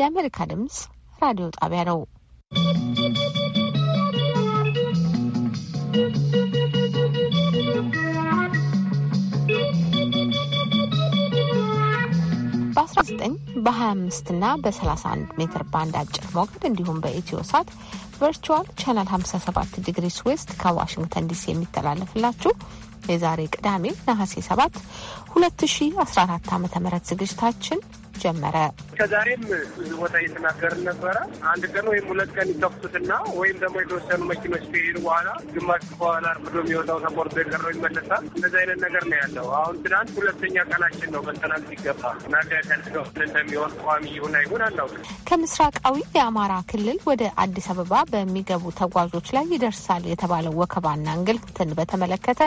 የአሜሪካ ድምጽ ራዲዮ ጣቢያ ነው። በ19 በ25 እና በ31 ሜትር ባንድ አጭር ሞገድ እንዲሁም በኢትዮ ሳት ቨርቹዋል ቻናል 57 ዲግሪስ ዌስት ከዋሽንግተን ዲሲ የሚተላለፍላችሁ የዛሬ ቅዳሜ ነሐሴ 7 2014 ዓ ም ዝግጅታችን ጀመረ። ከዛሬም ብዙ ቦታ እየተናገርን ነበረ። አንድ ቀን ወይም ሁለት ቀን ይተኩሱትና ወይም ደግሞ የተወሰኑ መኪኖች ከሄዱ በኋላ ግማሽ በኋላ አርፍዶ የሚወጣው ተቆርጦ የቀረው ይመለሳል። እንደዚ አይነት ነገር ነው ያለው። አሁን ትናንት ሁለተኛ ቀናችን ነው። መጠናት ሲገባ ናጋያተንስገው እንደሚሆን ቋሚ ይሁን አይሁን አናውቅም። ከምስራቃዊ የአማራ ክልል ወደ አዲስ አበባ በሚገቡ ተጓዦች ላይ ይደርሳል የተባለው ወከባና እንግልትን በተመለከተ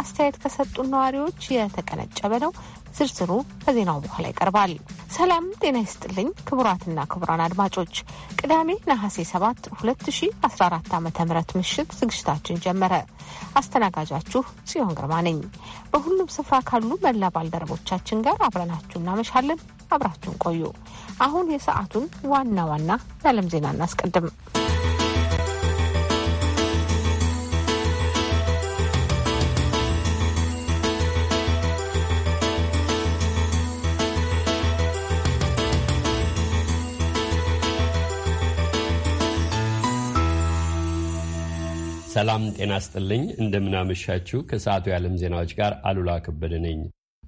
አስተያየት ከሰጡ ነዋሪዎች የተቀነጨበ ነው። ዝርዝሩ ከዜናው በኋላ ይቀርባል። ሰላም ጤና ይስጥልኝ ክቡራትና ክቡራን አድማጮች ቅዳሜ ነሐሴ 7 2014 ዓ ም ምሽት ዝግጅታችን ጀመረ። አስተናጋጃችሁ ጽዮን ግርማ ነኝ። በሁሉም ስፍራ ካሉ መላ ባልደረቦቻችን ጋር አብረናችሁ እናመሻለን። አብራችሁን ቆዩ። አሁን የሰዓቱን ዋና ዋና የዓለም ዜና እናስቀድም። ሰላም ጤና ስጥልኝ። እንደምናመሻችሁ ከሰዓቱ የዓለም ዜናዎች ጋር አሉላ ከበደ ነኝ።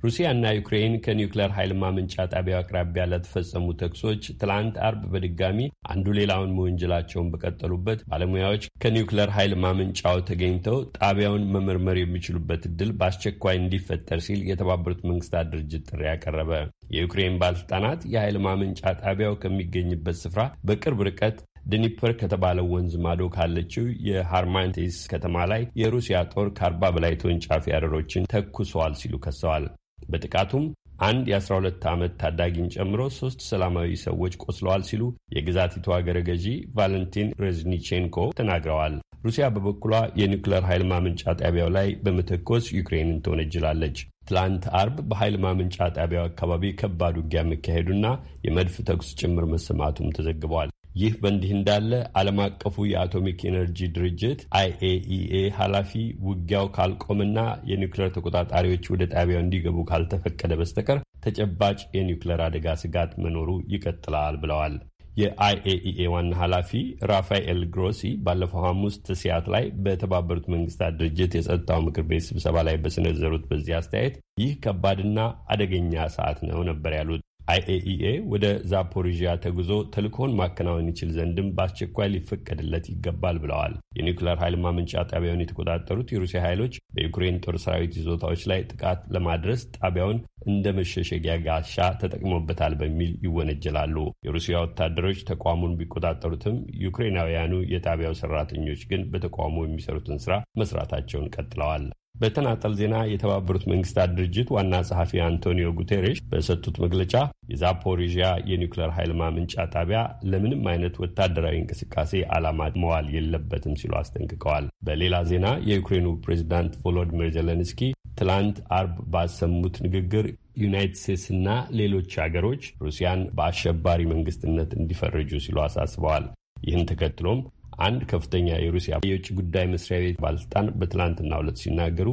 ሩሲያና ዩክሬን ከኒውክሌር ኃይል ማመንጫ ጣቢያው አቅራቢያ ለተፈጸሙ ተኩሶች ትላንት አርብ በድጋሚ አንዱ ሌላውን መወንጀላቸውን በቀጠሉበት ባለሙያዎች ከኒውክሌር ኃይል ማመንጫው ተገኝተው ጣቢያውን መመርመር የሚችሉበት እድል በአስቸኳይ እንዲፈጠር ሲል የተባበሩት መንግስታት ድርጅት ጥሪ ያቀረበ የዩክሬን ባለስልጣናት የኃይል ማመንጫ ጣቢያው ከሚገኝበት ስፍራ በቅርብ ርቀት ድኒፐር ከተባለው ወንዝ ማዶ ካለችው የሃርማንቴስ ከተማ ላይ የሩሲያ ጦር ከአርባ በላይ ተወንጫፊ አረሮችን ተኩሰዋል ሲሉ ከሰዋል። በጥቃቱም አንድ የ12 ዓመት ታዳጊን ጨምሮ ሶስት ሰላማዊ ሰዎች ቆስለዋል ሲሉ የግዛቲቱ አገረ ገዢ ቫለንቲን ሬዝኒቼንኮ ተናግረዋል። ሩሲያ በበኩሏ የኒውክሌር ኃይል ማመንጫ ጣቢያው ላይ በመተኮስ ዩክሬንን ተወነጅላለች። ትላንት አርብ በኃይል ማመንጫ ጣቢያው አካባቢ ከባድ ውጊያ መካሄዱና የመድፍ ተኩስ ጭምር መሰማቱም ተዘግቧል። ይህ በእንዲህ እንዳለ ዓለም አቀፉ የአቶሚክ ኤነርጂ ድርጅት አይኤኢኤ ኃላፊ ውጊያው ካልቆምና የኒውክሌር ተቆጣጣሪዎች ወደ ጣቢያው እንዲገቡ ካልተፈቀደ በስተቀር ተጨባጭ የኒውክሌር አደጋ ስጋት መኖሩ ይቀጥላል ብለዋል። የአይኤኢኤ ዋና ኃላፊ ራፋኤል ግሮሲ ባለፈው ሐሙስ ትሲያት ላይ በተባበሩት መንግስታት ድርጅት የጸጥታው ምክር ቤት ስብሰባ ላይ በሰነዘሩት በዚህ አስተያየት ይህ ከባድና አደገኛ ሰዓት ነው ነበር ያሉት። አይኤኢኤ ወደ ዛፖሪዥያ ተጉዞ ተልእኮውን ማከናወን ይችል ዘንድም በአስቸኳይ ሊፈቀድለት ይገባል ብለዋል። የኒውክሌር ኃይል ማመንጫ ጣቢያውን የተቆጣጠሩት የሩሲያ ኃይሎች በዩክሬን ጦር ሰራዊት ይዞታዎች ላይ ጥቃት ለማድረስ ጣቢያውን እንደ መሸሸጊያ ጋሻ ተጠቅሞበታል በሚል ይወነጀላሉ። የሩሲያ ወታደሮች ተቋሙን ቢቆጣጠሩትም ዩክሬናውያኑ የጣቢያው ሰራተኞች ግን በተቋሙ የሚሰሩትን ስራ መስራታቸውን ቀጥለዋል። በተናጠል ዜና የተባበሩት መንግስታት ድርጅት ዋና ጸሐፊ አንቶኒዮ ጉቴሬሽ በሰጡት መግለጫ የዛፖሪዥያ የኒውክሌር ኃይል ማመንጫ ጣቢያ ለምንም አይነት ወታደራዊ እንቅስቃሴ ዓላማ መዋል የለበትም ሲሉ አስጠንቅቀዋል። በሌላ ዜና የዩክሬኑ ፕሬዚዳንት ቮሎዲሚር ዜሌንስኪ ትላንት አርብ ባሰሙት ንግግር ዩናይትድ ስቴትስና ሌሎች ሀገሮች ሩሲያን በአሸባሪ መንግስትነት እንዲፈርጁ ሲሉ አሳስበዋል። ይህን ተከትሎም አንድ ከፍተኛ የሩሲያ የውጭ ጉዳይ መስሪያ ቤት ባለስልጣን በትላንትና ሁለት ሲናገሩ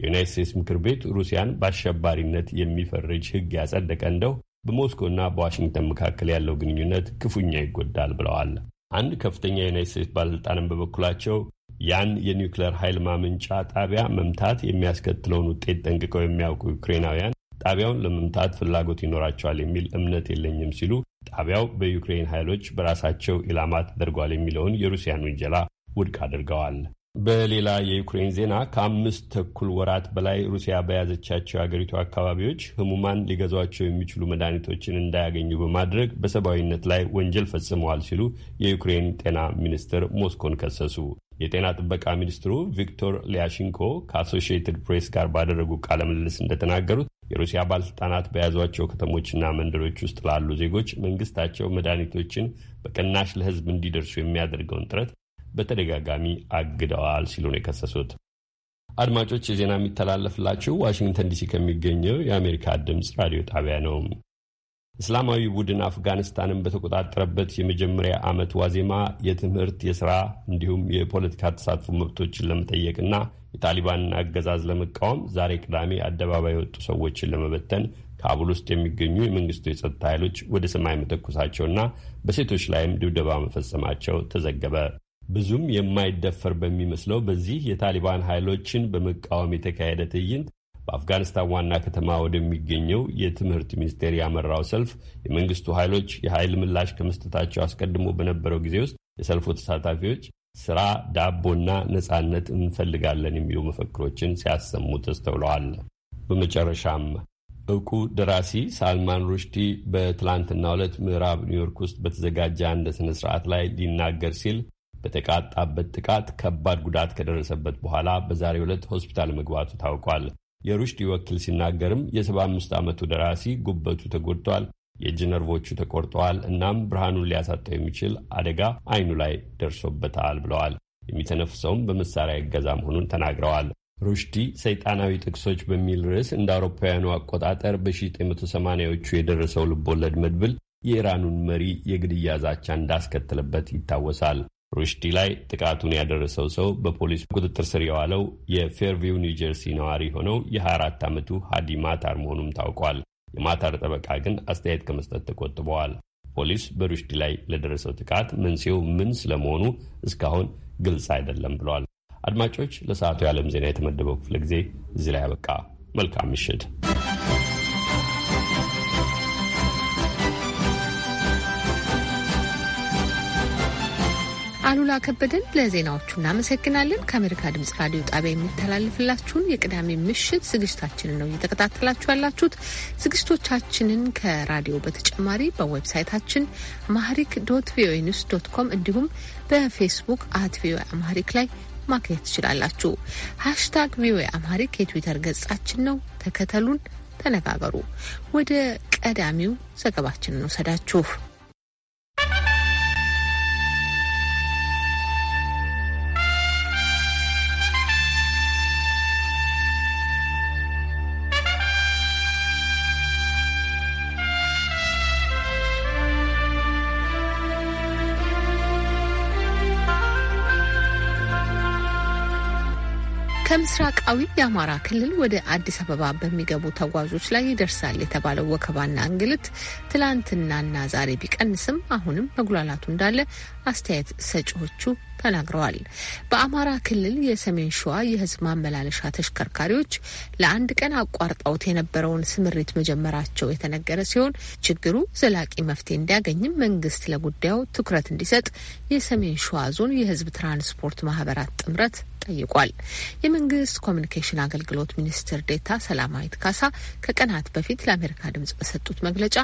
የዩናይት ስቴትስ ምክር ቤት ሩሲያን በአሸባሪነት የሚፈርጅ ሕግ ያጸደቀ እንደው በሞስኮና በዋሽንግተን መካከል ያለው ግንኙነት ክፉኛ ይጎዳል ብለዋል። አንድ ከፍተኛ የዩናይት ስቴትስ ባለስልጣንም በበኩላቸው ያን የኒውክሌር ኃይል ማመንጫ ጣቢያ መምታት የሚያስከትለውን ውጤት ጠንቅቀው የሚያውቁ ዩክሬናውያን ጣቢያውን ለመምታት ፍላጎት ይኖራቸዋል የሚል እምነት የለኝም ሲሉ ጣቢያው በዩክሬን ኃይሎች በራሳቸው ኢላማ ተደርጓል የሚለውን የሩሲያን ውንጀላ ውድቅ አድርገዋል። በሌላ የዩክሬን ዜና ከአምስት ተኩል ወራት በላይ ሩሲያ በያዘቻቸው የአገሪቱ አካባቢዎች ህሙማን ሊገዟቸው የሚችሉ መድኃኒቶችን እንዳያገኙ በማድረግ በሰብአዊነት ላይ ወንጀል ፈጽመዋል ሲሉ የዩክሬን ጤና ሚኒስትር ሞስኮን ከሰሱ። የጤና ጥበቃ ሚኒስትሩ ቪክቶር ሊያሽንኮ ከአሶሺየትድ ፕሬስ ጋር ባደረጉ ቃለ ምልልስ እንደተናገሩት የሩሲያ ባለስልጣናት በያዟቸው ከተሞችና መንደሮች ውስጥ ላሉ ዜጎች መንግስታቸው መድኃኒቶችን በቅናሽ ለህዝብ እንዲደርሱ የሚያደርገውን ጥረት በተደጋጋሚ አግደዋል ሲሉ ነው የከሰሱት። አድማጮች፣ የዜና የሚተላለፍላችሁ ዋሽንግተን ዲሲ ከሚገኘው የአሜሪካ ድምፅ ራዲዮ ጣቢያ ነው። እስላማዊ ቡድን አፍጋኒስታንን በተቆጣጠረበት የመጀመሪያ ዓመት ዋዜማ የትምህርት፣ የሥራ እንዲሁም የፖለቲካ ተሳትፎ መብቶችን ለመጠየቅና የታሊባንን አገዛዝ ለመቃወም ዛሬ ቅዳሜ አደባባይ የወጡ ሰዎችን ለመበተን ካቡል ውስጥ የሚገኙ የመንግስቱ የጸጥታ ኃይሎች ወደ ሰማይ መተኮሳቸውና በሴቶች ላይም ድብደባ መፈጸማቸው ተዘገበ። ብዙም የማይደፈር በሚመስለው በዚህ የታሊባን ኃይሎችን በመቃወም የተካሄደ ትዕይንት በአፍጋኒስታን ዋና ከተማ ወደሚገኘው የትምህርት ሚኒስቴር ያመራው ሰልፍ የመንግስቱ ኃይሎች የኃይል ምላሽ ከመስጠታቸው አስቀድሞ በነበረው ጊዜ ውስጥ የሰልፉ ተሳታፊዎች ስራ፣ ዳቦና ነጻነት እንፈልጋለን የሚሉ መፈክሮችን ሲያሰሙ ተስተውለዋል። በመጨረሻም እውቁ ደራሲ ሳልማን ሩሽዲ በትላንትናው ዕለት ምዕራብ ኒውዮርክ ውስጥ በተዘጋጀ አንድ ስነ ስርዓት ላይ ሊናገር ሲል በተቃጣበት ጥቃት ከባድ ጉዳት ከደረሰበት በኋላ በዛሬው ዕለት ሆስፒታል መግባቱ ታውቋል። የሩሽዲ ወኪል ሲናገርም የ75 ዓመቱ ደራሲ ጉበቱ ተጎድቷል፣ የእጅ ነርቮቹ ተቆርጠዋል፣ እናም ብርሃኑን ሊያሳጣው የሚችል አደጋ አይኑ ላይ ደርሶበታል ብለዋል። የሚተነፍሰውም በመሳሪያ ይገዛ መሆኑን ተናግረዋል። ሩሽዲ ሰይጣናዊ ጥቅሶች በሚል ርዕስ እንደ አውሮፓውያኑ አቆጣጠር በ1980ዎቹ የደረሰው ልቦለድ መድብል የኢራኑን መሪ የግድያ ዛቻ እንዳስከትልበት ይታወሳል። ሩሽዲ ላይ ጥቃቱን ያደረሰው ሰው በፖሊስ ቁጥጥር ስር የዋለው የፌርቪው ኒውጀርሲ ነዋሪ ሆነው የ24 ዓመቱ ሀዲ ማታር መሆኑም ታውቋል። የማታር ጠበቃ ግን አስተያየት ከመስጠት ተቆጥበዋል። ፖሊስ በሩሽዲ ላይ ለደረሰው ጥቃት መንስኤው ምን ስለመሆኑ እስካሁን ግልጽ አይደለም ብሏል። አድማጮች፣ ለሰዓቱ የዓለም ዜና የተመደበው ክፍለ ጊዜ እዚህ ላይ ያበቃ። መልካም ምሽት። አሉላ ከበደን ለዜናዎቹ እናመሰግናለን። ከአሜሪካ ድምጽ ራዲዮ ጣቢያ የሚተላለፍላችሁን የቅዳሜ ምሽት ዝግጅታችንን ነው እየተከታተላችሁ ያላችሁት። ዝግጅቶቻችንን ከራዲዮ በተጨማሪ በዌብሳይታችን ማህሪክ ዶት ቪኦኤ ኒውስ ዶት ኮም እንዲሁም በፌስቡክ አት ቪኦኤ አማህሪክ ላይ ማግኘት ትችላላችሁ። ሃሽታግ ቪኦኤ አማህሪክ የትዊተር ገጻችን ነው። ተከተሉን፣ ተነጋገሩ። ወደ ቀዳሚው ዘገባችንን ወሰዳችሁ። ከምስራቃዊ የአማራ ክልል ወደ አዲስ አበባ በሚገቡ ተጓዦች ላይ ይደርሳል የተባለው ወከባና እንግልት ትላንትናና ዛሬ ቢቀንስም አሁንም መጉላላቱ እንዳለ አስተያየት ሰጪዎቹ ተናግረዋል። በአማራ ክልል የሰሜን ሸዋ የህዝብ ማመላለሻ ተሽከርካሪዎች ለአንድ ቀን አቋርጠውት የነበረውን ስምሪት መጀመራቸው የተነገረ ሲሆን ችግሩ ዘላቂ መፍትሄ እንዲያገኝም መንግስት ለጉዳዩ ትኩረት እንዲሰጥ የሰሜን ሸዋ ዞን የህዝብ ትራንስፖርት ማህበራት ጥምረት ጠይቋል። የመንግስት ኮሚኒኬሽን አገልግሎት ሚኒስትር ዴታ ሰላማዊት ካሳ ከቀናት በፊት ለአሜሪካ ድምጽ በሰጡት መግለጫ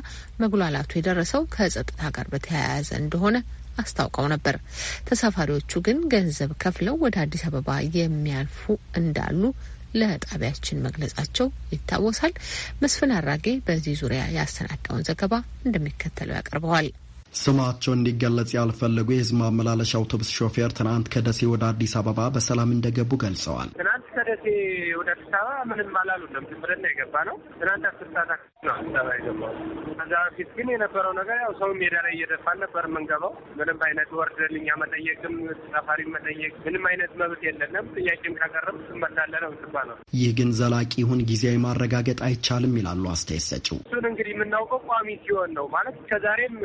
መጉላላቱ የደረሰው ከጸጥታ ጋር በተያያዘ እንደሆነ አስታውቀው ነበር። ተሳፋሪዎቹ ግን ገንዘብ ከፍለው ወደ አዲስ አበባ የሚያልፉ እንዳሉ ለጣቢያችን መግለጻቸው ይታወሳል። መስፍን አራጌ በዚህ ዙሪያ ያሰናዳውን ዘገባ እንደሚከተለው ያቀርበዋል። ስማቸው እንዲገለጽ ያልፈለጉ የህዝብ ማመላለሻ አውቶቡስ ሾፌር ትናንት ከደሴ ወደ አዲስ አበባ በሰላም እንደገቡ ገልጸዋል። ትናንት ከደሴ ወደ አዲስ አበባ ምንም አላሉ። ዝም የገባ ነው። ትናንት አስር ሰዓት አካባቢ ነው አዲስ አበባ የገባው። ከዛ በፊት ግን የነበረው ነገር ያው ሰው ሜዳ ላይ እየደፋን ነበር የምንገባው። ምንም አይነት ወርድ መጠየቅም ተሳፋሪ መጠየቅ ምንም አይነት መብት የለንም። ጥያቄም ካቀረብ ትመላለ ነው ትባ ነው። ይህ ግን ዘላቂ ይሁን ጊዜያዊ ማረጋገጥ አይቻልም ይላሉ አስተያየት ሰጪው። እሱን እንግዲህ የምናውቀው ቋሚ ሲሆን ነው ማለት ከዛሬም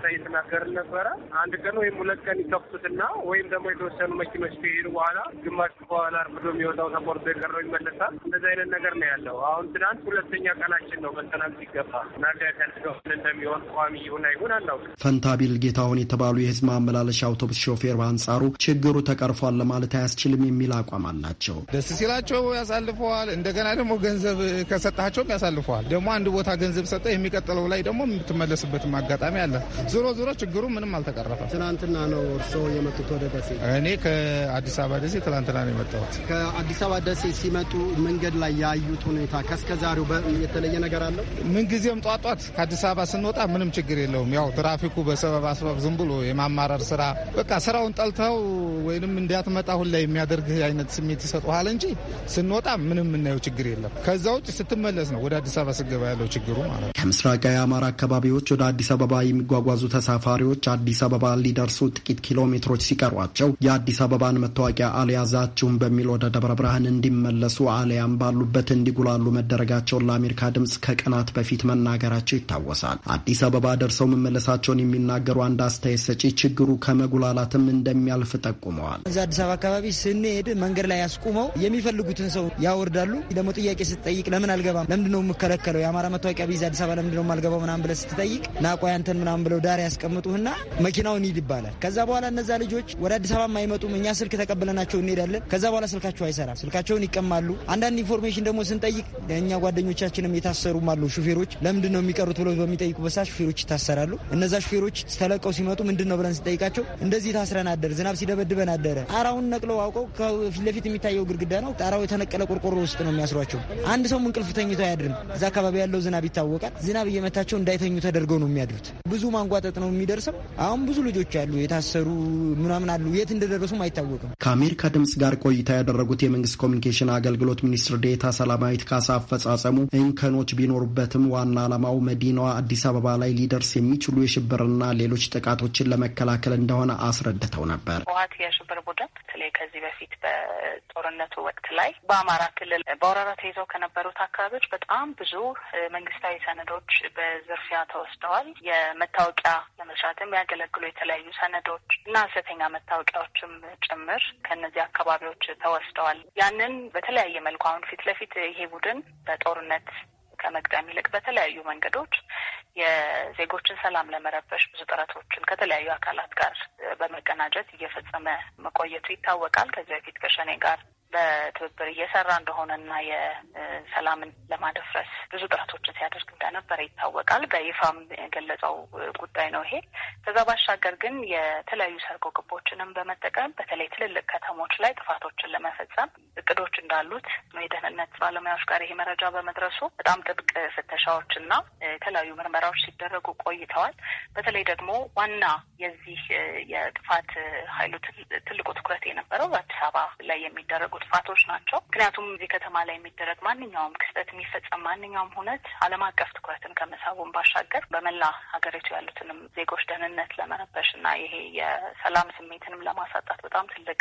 ቦታ እየተናገር ነበረ። አንድ ቀን ወይም ሁለት ቀን ይተኩሱትና ወይም ደግሞ የተወሰኑ መኪኖች ከሄዱ በኋላ ግማሽ በኋላ አርፍዶ የሚወጣው ተቆርጦ የቀረው ይመለሳል። እንደዚህ አይነት ነገር ነው ያለው። አሁን ትናንት ሁለተኛ ቀናችን ነው መሰናም ሲገባ ያልገው እንደሚሆን ቋሚ ይሁን አይሁን አናውቅም። ፈንታቢል ጌታሁን የተባሉ የህዝብ ማመላለሻ አውቶቡስ ሾፌር በአንጻሩ ችግሩ ተቀርፏል ለማለት አያስችልም የሚል አቋም አላቸው። ደስ ሲላቸው ያሳልፈዋል። እንደገና ደግሞ ገንዘብ ከሰጣቸውም ያሳልፈዋል። ደግሞ አንድ ቦታ ገንዘብ ሰጠ የሚቀጥለው ላይ ደግሞ የምትመለስበትም አጋጣሚ አለ። ዞሮ ዞሮ ችግሩ ምንም አልተቀረፈም። ትናንትና ነው እርስዎ የመጡት ወደ ደሴ? እኔ ከአዲስ አበባ ደሴ ትናንትና ነው የመጣሁት። ከአዲስ አበባ ደሴ ሲመጡ መንገድ ላይ ያዩት ሁኔታ ከእስከ ዛሬው የተለየ ነገር አለው? ምንጊዜም ጧጧት ከአዲስ አበባ ስንወጣ ምንም ችግር የለውም። ያው ትራፊኩ በሰበብ አስባብ ዝም ብሎ የማማረር ስራ በቃ ስራውን ጠልተው ወይንም እንዲያትመጣ ላይ የሚያደርግ አይነት ስሜት ይሰጡሃል እንጂ ስንወጣ ምንም የምናየው ችግር የለም። ከዛ ውጭ ስትመለስ ነው ወደ አዲስ አበባ ስገባ ያለው ችግሩ ማለት ነው። ከምስራቃዊ አማራ አካባቢዎች ወደ አዲስ አበባ የሚጓጓዙ የተጓዙ ተሳፋሪዎች አዲስ አበባ ሊደርሱ ጥቂት ኪሎ ሜትሮች ሲቀሯቸው የአዲስ አበባን መታወቂያ አልያዛችሁም በሚል ወደ ደብረ ብርሃን እንዲመለሱ አሊያም ባሉበት እንዲጉላሉ መደረጋቸውን ለአሜሪካ ድምፅ ከቀናት በፊት መናገራቸው ይታወሳል። አዲስ አበባ ደርሰው መመለሳቸውን የሚናገሩ አንድ አስተያየት ሰጪ ችግሩ ከመጉላላትም እንደሚያልፍ ጠቁመዋል። እዚ አዲስ አበባ አካባቢ ስንሄድ መንገድ ላይ ያስቁመው የሚፈልጉትን ሰው ያወርዳሉ። ደግሞ ጥያቄ ስትጠይቅ ለምን አልገባም፣ ለምንድነው የምከለከለው፣ የአማራ መታወቂያ ቢይዝ አዲስ አበባ ለምንድነው የማልገባው ምናምን ብለህ ስትጠይቅ ናቋ ያንተን ምናምን ብለው ዳር ያስቀምጡህና መኪናውን ሂድ ይባላል። ከዛ በኋላ እነዛ ልጆች ወደ አዲስ አበባ አይመጡም። እኛ ስልክ ተቀብለናቸው እንሄዳለን። ከዛ በኋላ ስልካቸው አይሰራም። ስልካቸውን ይቀማሉ። አንዳንድ ኢንፎርሜሽን ደግሞ ስንጠይቅ እኛ ጓደኞቻችንም የታሰሩም አሉ። ሹፌሮች ለምንድን ነው የሚቀሩት ብለው በሚጠይቁ በሳ ሹፌሮች ይታሰራሉ። እነዛ ሹፌሮች ተለቀው ሲመጡ ምንድን ነው ብለን ስንጠይቃቸው እንደዚህ ታስረን አደር፣ ዝናብ ሲደበድበን አደረ። ጣራውን ነቅለው አውቀው ከፊት ለፊት የሚታየው ግድግዳ ነው። ጣራው የተነቀለ ቆርቆሮ ውስጥ ነው የሚያስሯቸው። አንድ ሰውም እንቅልፍ ተኝቶ አያድርም። እዛ አካባቢ ያለው ዝናብ ይታወቃል። ዝናብ እየመታቸው እንዳይተኙ ተደርገው ነው የሚያድሩት። ብዙ ማንጓ በመፋጠጥ ነው የሚደርሰው። አሁን ብዙ ልጆች አሉ የታሰሩ ምናምን አሉ፣ የት እንደደረሱም አይታወቅም። ከአሜሪካ ድምጽ ጋር ቆይታ ያደረጉት የመንግስት ኮሚኒኬሽን አገልግሎት ሚኒስትር ዴታ ሰላማዊት ካሳ አፈጻጸሙ እንከኖች ቢኖሩበትም ዋና ዓላማው መዲናዋ አዲስ አበባ ላይ ሊደርስ የሚችሉ የሽብርና ሌሎች ጥቃቶችን ለመከላከል እንደሆነ አስረድተው ነበር። ህወሓት የሽብር ቡድን በተለይ ከዚህ በፊት በጦርነቱ ወቅት ላይ በአማራ ክልል በወረራ ተይዘው ከነበሩት አካባቢዎች በጣም ብዙ መንግስታዊ ሰነዶች በዝርፊያ ተወስደዋል። የመታወቂያ ለመስራትም ያገለግሉ የተለያዩ ሰነዶች እና ሐሰተኛ መታወቂያዎችም ጭምር ከእነዚህ አካባቢዎች ተወስደዋል። ያንን በተለያየ መልኩ አሁን ፊት ለፊት ይሄ ቡድን በጦርነት ከመቅደም ይልቅ በተለያዩ መንገዶች የዜጎችን ሰላም ለመረበሽ ብዙ ጥረቶችን ከተለያዩ አካላት ጋር በመቀናጀት እየፈጸመ መቆየቱ ይታወቃል። ከዚህ በፊት ከሸኔ ጋር በትብብር እየሰራ እንደሆነ እና የሰላምን ለማደፍረስ ብዙ ጥረቶችን ሲያደርግ እንደነበረ ይታወቃል። በይፋም የገለጸው ጉዳይ ነው ይሄ። ከዛ ባሻገር ግን የተለያዩ ሰርጎ ግቦችንም በመጠቀም በተለይ ትልልቅ ከተሞች ላይ ጥፋቶችን ለመፈጸም እቅዶች እንዳሉት የደህንነት ባለሙያዎች ጋር ይሄ መረጃ በመድረሱ በጣም ጥብቅ ፍተሻዎች እና የተለያዩ ምርመራዎች ሲደረጉ ቆይተዋል። በተለይ ደግሞ ዋና የዚህ የጥፋት ኃይሉ ትልቁ ትኩረት የነበረው በአዲስ አበባ ላይ የሚደረጉ ጥፋቶች ናቸው። ምክንያቱም እዚህ ከተማ ላይ የሚደረግ ማንኛውም ክስተት፣ የሚፈጸም ማንኛውም ሁነት ዓለም አቀፍ ትኩረትን ከመሳቡን ባሻገር በመላ ሀገሪቱ ያሉትንም ዜጎች ደህንነት ለመረበሽ እና ይሄ የሰላም ስሜትንም ለማሳጣት በጣም ትልቅ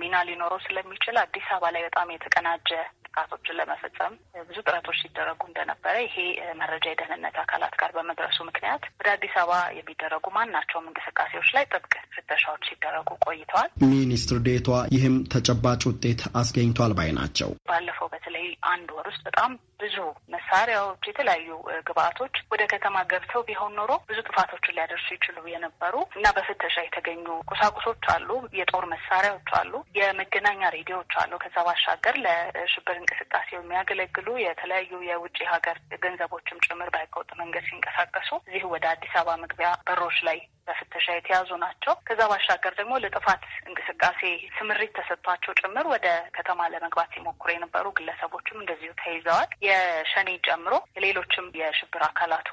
ሚና ሊኖረው ስለሚችል አዲስ አበባ ላይ በጣም የተቀናጀ ጥቃቶችን ለመፈጸም ብዙ ጥረቶች ሲደረጉ እንደነበረ ይሄ መረጃ የደህንነት አካላት ጋር በመድረሱ ምክንያት ወደ አዲስ አበባ የሚደረጉ ማናቸውም እንቅስቃሴዎች ላይ ጥብቅ ፍተሻዎች ሲደረጉ ቆይተዋል። ሚኒስትር ዴቷ ይህም ተጨባጭ ውጤት አስገኝቷል ባይ ናቸው። ባለፈው በተለይ አንድ ወር ውስጥ በጣም ብዙ መሳሪያዎች፣ የተለያዩ ግብአቶች ወደ ከተማ ገብተው ቢሆን ኖሮ ብዙ ጥፋቶችን ሊያደርሱ ይችሉ የነበሩ እና በፍተሻ የተገኙ ቁሳቁሶች አሉ፣ የጦር መሳሪያዎች አሉ፣ የመገናኛ ሬዲዮዎች አሉ። ከዛ ባሻገር ለሽብር እንቅስቃሴ የሚያገለግሉ የተለያዩ የውጭ ሀገር ገንዘቦችም ጭምር በህገወጥ መንገድ ሲንቀሳቀሱ እዚሁ ወደ አዲስ አበባ መግቢያ በሮች ላይ በፍተሻ የተያዙ ናቸው። ከዛ ባሻገር ደግሞ ለጥፋት እንቅስቃሴ ስምሪት ተሰጥቷቸው ጭምር ወደ ከተማ ለመግባት ሲሞክሩ የነበሩ ግለሰቦችም እንደዚሁ ተይዘዋል። የሸኔ ጨምሮ ሌሎችም የሽብር አካላቱ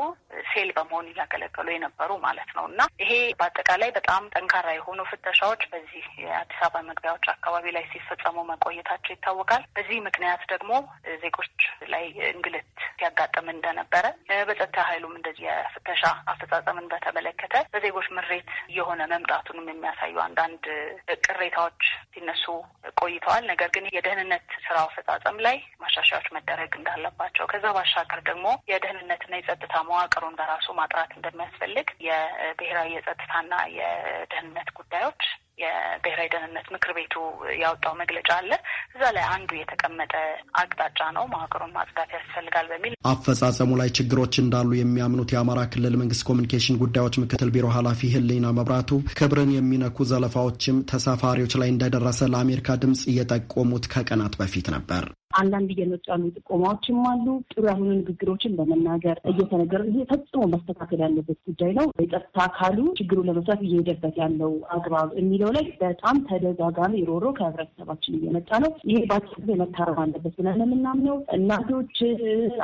ሴል በመሆን እያገለገሉ የነበሩ ማለት ነው እና ይሄ በአጠቃላይ በጣም ጠንካራ የሆኑ ፍተሻዎች በዚህ የአዲስ አበባ መግቢያዎች አካባቢ ላይ ሲፈጸሙ መቆየታቸው ይታወቃል። በዚህ ምክንያት ደግሞ ዜጎች ላይ እንግልት ሲያጋጥም እንደነበረ በጸጥታ ኃይሉም እንደዚህ የፍተሻ አፈጻጸምን በተመለከተ በዜጎ ዜጎች ምሬት እየሆነ መምጣቱንም የሚያሳዩ አንዳንድ ቅሬታዎች ሲነሱ ቆይተዋል። ነገር ግን የደህንነት ስራ አፈጻጸም ላይ ማሻሻያዎች መደረግ እንዳለባቸው ከዛ ባሻገር ደግሞ የደህንነትና የጸጥታ መዋቅሩን በራሱ ማጥራት እንደሚያስፈልግ የብሔራዊ የጸጥታና የደህንነት ጉዳዮች የብሔራዊ ደህንነት ምክር ቤቱ ያወጣው መግለጫ አለ። እዛ ላይ አንዱ የተቀመጠ አቅጣጫ ነው። መዋቅሩን ማጽዳት ያስፈልጋል በሚል አፈጻጸሙ ላይ ችግሮች እንዳሉ የሚያምኑት የአማራ ክልል መንግስት ኮሚኒኬሽን ጉዳዮች ምክትል ቢሮ ኃላፊ ህሊና መብራቱ ክብርን የሚነኩ ዘለፋዎችም ተሳፋሪዎች ላይ እንደደረሰ ለአሜሪካ ድምፅ እየጠቆሙት ከቀናት በፊት ነበር። አንዳንድ እየመጡ ያሉ ጥቆማዎችም አሉ። ጥሩ ያልሆኑ ንግግሮችን በመናገር እየተነገረ ይሄ ፈጽሞ መስተካከል ያለበት ጉዳይ ነው። የጸጥታ አካሉ ችግሩ ለመስራት እየሄደበት ያለው አግባብ የሚለው ላይ በጣም ተደጋጋሚ ሮሮ ከህብረተሰባችን እየመጣ ነው። ይሄ ባጭር ጊዜ መታረም አለበት ብለን የምናምነው እናቶች፣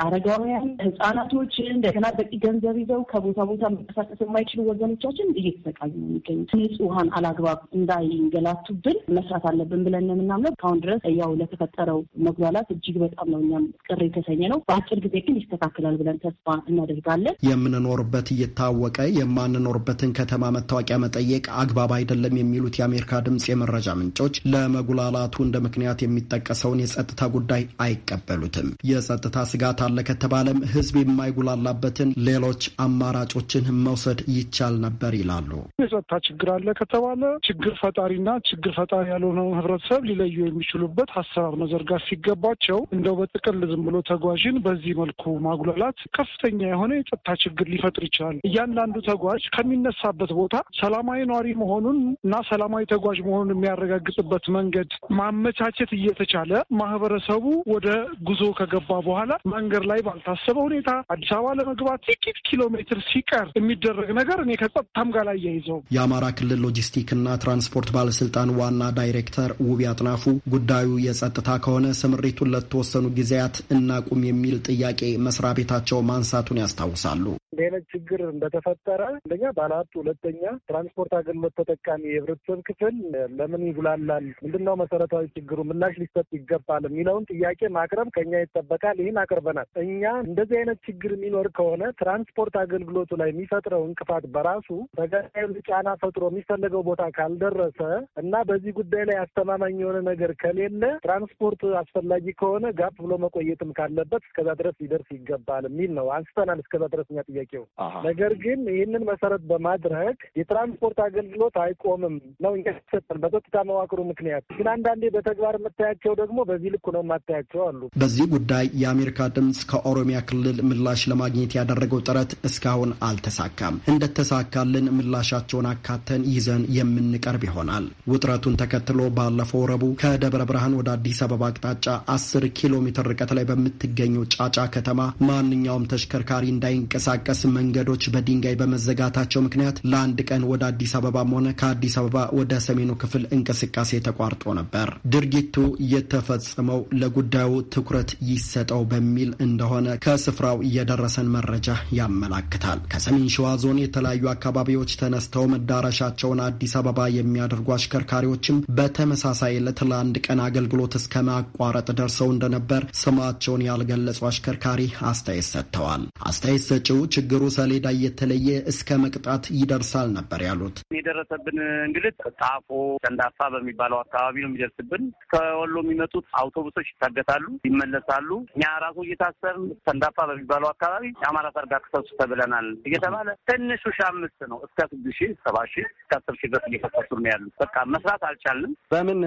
አረጋውያን፣ ህጻናቶች እንደገና በቂ ገንዘብ ይዘው ከቦታ ቦታ መንቀሳቀስ የማይችሉ ወገኖቻችን እየተሰቃዩ ነው የሚገኙት። ንጹሀን አላግባብ እንዳይንገላቱብን መስራት አለብን ብለን የምናምነው ካሁን ድረስ ያው ለተፈጠረው መጉላ አባላት እጅግ በጣም ነው እኛም ቅር የተሰኘ ነው። በአጭር ጊዜ ግን ይስተካከላል ብለን ተስፋ እናደርጋለን። የምንኖርበት እየታወቀ የማንኖርበትን ከተማ መታወቂያ መጠየቅ አግባብ አይደለም የሚሉት የአሜሪካ ድምጽ የመረጃ ምንጮች ለመጉላላቱ እንደ ምክንያት የሚጠቀሰውን የጸጥታ ጉዳይ አይቀበሉትም። የጸጥታ ስጋት አለ ከተባለም ህዝብ የማይጉላላበትን ሌሎች አማራጮችን መውሰድ ይቻል ነበር ይላሉ። የጸጥታ ችግር አለ ከተባለ ችግር ፈጣሪና ችግር ፈጣሪ ያልሆነውን ህብረተሰብ ሊለዩ የሚችሉበት አሰራር መዘርጋት ሲገባ ስለገባቸው እንደው በጥቅል ዝም ብሎ ተጓዥን በዚህ መልኩ ማጉላላት ከፍተኛ የሆነ የጸጥታ ችግር ሊፈጥር ይችላል። እያንዳንዱ ተጓዥ ከሚነሳበት ቦታ ሰላማዊ ነዋሪ መሆኑን እና ሰላማዊ ተጓዥ መሆኑን የሚያረጋግጥበት መንገድ ማመቻቸት እየተቻለ ማህበረሰቡ ወደ ጉዞ ከገባ በኋላ መንገድ ላይ ባልታሰበ ሁኔታ አዲስ አበባ ለመግባት ጥቂት ኪሎ ሜትር ሲቀር የሚደረግ ነገር እኔ ከጸጥታም ጋር ያይዘው። የአማራ ክልል ሎጂስቲክና ትራንስፖርት ባለስልጣን ዋና ዳይሬክተር ውቢ አጥናፉ ጉዳዩ የጸጥታ ከሆነ ስምሪ ድርጅቱን ለተወሰኑ ጊዜያት እናቁም የሚል ጥያቄ መስሪያ ቤታቸው ማንሳቱን ያስታውሳሉ። እንዲህ አይነት ችግር እንደተፈጠረ አንደኛ ባለሀብት፣ ሁለተኛ ትራንስፖርት አገልግሎት ተጠቃሚ የህብረተሰብ ክፍል ለምን ይጉላላል? ምንድነው መሰረታዊ ችግሩ? ምላሽ ሊሰጥ ይገባል የሚለውን ጥያቄ ማቅረብ ከኛ ይጠበቃል። ይህን አቅርበናል። እኛ እንደዚህ አይነት ችግር የሚኖር ከሆነ ትራንስፖርት አገልግሎቱ ላይ የሚፈጥረው እንቅፋት በራሱ ተገዳዩ ጫና ፈጥሮ የሚፈለገው ቦታ ካልደረሰ እና በዚህ ጉዳይ ላይ አስተማማኝ የሆነ ነገር ከሌለ ትራንስፖርት አስፈላጊ አስፈላጊ ከሆነ ጋፕ ብሎ መቆየትም ካለበት እስከዛ ድረስ ሊደርስ ይገባል የሚል ነው። አንስተናል። እስከዛ ድረስ እኛ ጥያቄው። ነገር ግን ይህንን መሰረት በማድረግ የትራንስፖርት አገልግሎት አይቆምም ነው እኛ ይሰጠን በጸጥታ መዋቅሩ ምክንያት። ግን አንዳንዴ በተግባር የምታያቸው ደግሞ በዚህ ልክ ነው የማታያቸው አሉ። በዚህ ጉዳይ የአሜሪካ ድምፅ ከኦሮሚያ ክልል ምላሽ ለማግኘት ያደረገው ጥረት እስካሁን አልተሳካም። እንደተሳካልን ምላሻቸውን አካተን ይዘን የምንቀርብ ይሆናል። ውጥረቱን ተከትሎ ባለፈው ረቡዕ ከደብረ ብርሃን ወደ አዲስ አበባ አቅጣጫ አስር ኪሎ ሜትር ርቀት ላይ በምትገኘው ጫጫ ከተማ ማንኛውም ተሽከርካሪ እንዳይንቀሳቀስ መንገዶች በድንጋይ በመዘጋታቸው ምክንያት ለአንድ ቀን ወደ አዲስ አበባም ሆነ ከአዲስ አበባ ወደ ሰሜኑ ክፍል እንቅስቃሴ ተቋርጦ ነበር። ድርጊቱ የተፈጸመው ለጉዳዩ ትኩረት ይሰጠው በሚል እንደሆነ ከስፍራው የደረሰን መረጃ ያመላክታል። ከሰሜን ሸዋ ዞን የተለያዩ አካባቢዎች ተነስተው መዳረሻቸውን አዲስ አበባ የሚያደርጉ አሽከርካሪዎችም በተመሳሳይ ዕለት ለአንድ ቀን አገልግሎት እስከ ማቋረጥ ደርሰው እንደነበር ስማቸውን ያልገለጹ አሽከርካሪ አስተያየት ሰጥተዋል። አስተያየት ሰጪው ችግሩ ሰሌዳ እየተለየ እስከ መቅጣት ይደርሳል ነበር ያሉት። የደረሰብን እንግልት ጣፎ፣ ሰንዳፋ በሚባለው አካባቢ ነው የሚደርስብን። ከወሎ የሚመጡት አውቶቡሶች ይታገታሉ፣ ይመለሳሉ። እኛ ራሱ እየታሰር ሰንዳፋ በሚባለው አካባቢ የአማራ ሰርጋ ክሰሱ ተብለናል እየተባለ ትንሹ ሺ አምስት ነው እስከ ስድስት ሺ ሰባ ሺ እስከ አስር ሺ ድረስ እየፈሰሱ ነው ያሉት። በቃ መስራት አልቻልንም። በምን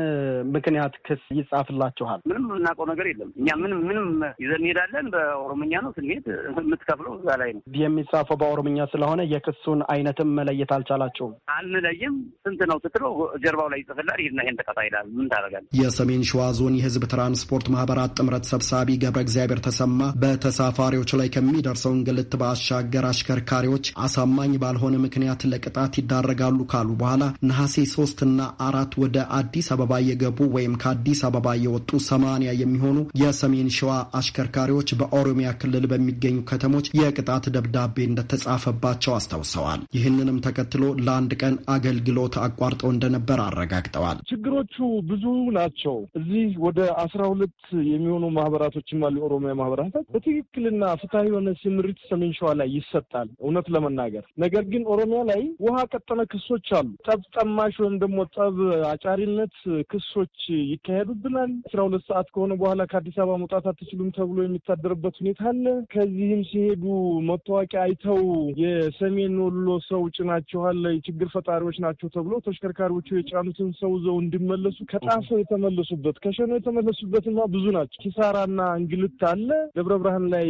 ምክንያት ክስ ይጻፍላችኋል? ምንም የምናውቀው ነገር የለም። እኛ ምንም ምንም ይዘን እንሄዳለን። በኦሮምኛ ነው ስንሄድ የምትከፍለው እዛ ላይ ነው የሚጻፈው በኦሮምኛ ስለሆነ የክሱን አይነትም መለየት አልቻላቸውም። አንለይም ስንት ነው ስትለው ጀርባው ላይ ይጽፍላል። ይህና ይህን ተቀጣ ይላል። ምን ታደርጋለህ? የሰሜን ሸዋ ዞን የህዝብ ትራንስፖርት ማህበራት ጥምረት ሰብሳቢ ገብረ እግዚአብሔር ተሰማ በተሳፋሪዎች ላይ ከሚደርሰው እንግልት ባሻገር አሽከርካሪዎች አሳማኝ ባልሆነ ምክንያት ለቅጣት ይዳረጋሉ ካሉ በኋላ ነሐሴ ሶስት እና አራት ወደ አዲስ አበባ የገቡ ወይም ከአዲስ አበባ የወጡ ሰማንያ የሚሆኑ የሰሜን ሸዋ አሽከርካሪዎች በኦሮሚያ ክልል በሚገኙ ከተሞች የቅጣት ደብዳቤ እንደተጻፈባቸው አስታውሰዋል። ይህንንም ተከትሎ ለአንድ ቀን አገልግሎት አቋርጦ እንደነበር አረጋግጠዋል። ችግሮቹ ብዙ ናቸው። እዚህ ወደ አስራ ሁለት የሚሆኑ ማህበራቶችም አሉ። የኦሮሚያ ማህበራታት በትክክልና ፍትሐ የሆነ ስምሪት ሰሜን ሸዋ ላይ ይሰጣል፣ እውነት ለመናገር ነገር ግን ኦሮሚያ ላይ ውሃ ቀጠነ ክሶች አሉ። ጠብ ጠማሽ ወይም ደግሞ ጠብ አጫሪነት ክሶች ይካሄዱብናል። አስራ ሁለት ሰዓት ከሆነ በኋላ ከአዲስ አበባ መውጣት አትችሉም ተብሎ የሚታደርበት ሁኔታ አለ። ከዚህም ሲሄዱ መታወቂያ አይተው የሰሜን ወሎ ሰው ጭናችኋል፣ የችግር ፈጣሪዎች ናቸው ተብሎ ተሽከርካሪዎቹ የጫኑትን ሰው ዘው እንዲመለሱ ከጣፈው የተመለሱበት ከሸኖ የተመለሱበትማ ብዙ ናቸው። ኪሳራና እንግልት አለ። ደብረ ብርሃን ላይ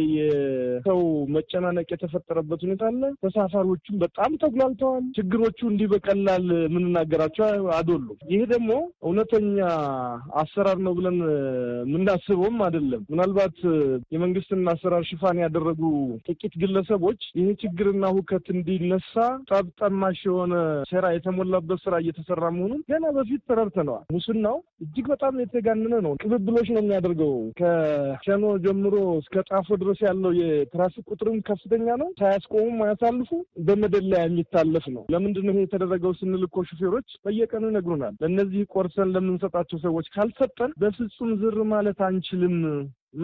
ሰው መጨናነቅ የተፈጠረበት ሁኔታ አለ። ተሳፋሪዎቹም በጣም ተጉላልተዋል። ችግሮቹ እንዲህ በቀላል የምንናገራቸው አዶሉ። ይህ ደግሞ እውነተኛ አሰራር ነው ብለን የምናስበውም አይደለም። ምናልባት የመንግስትና አሰራር ሽፋን ያደረጉ ጥቂት ግለሰቦች ይህ ችግርና ሁከት እንዲነሳ ጠብ የሆነ ሴራ የተሞላበት ስራ እየተሰራ መሆኑን ገና በፊት ተረድተነዋል። ሙስናው እጅግ በጣም የተጋነነ ነው። ቅብብሎች ነው የሚያደርገው። ከሸኖ ጀምሮ እስከ ጣፎ ድረስ ያለው የትራፊክ ቁጥርም ከፍተኛ ነው። ሳያስቆሙም አያሳልፉ በመደለያ የሚታለፍ ነው። ለምንድን ነው ይሄ የተደረገው ስንል እኮ በየቀኑ ይነግሩናል። ለእነዚህ ቆርሰን ለምንሰጣቸው ሰዎች ካልሰጠን በፍጹም ዝር ማለት አንችልም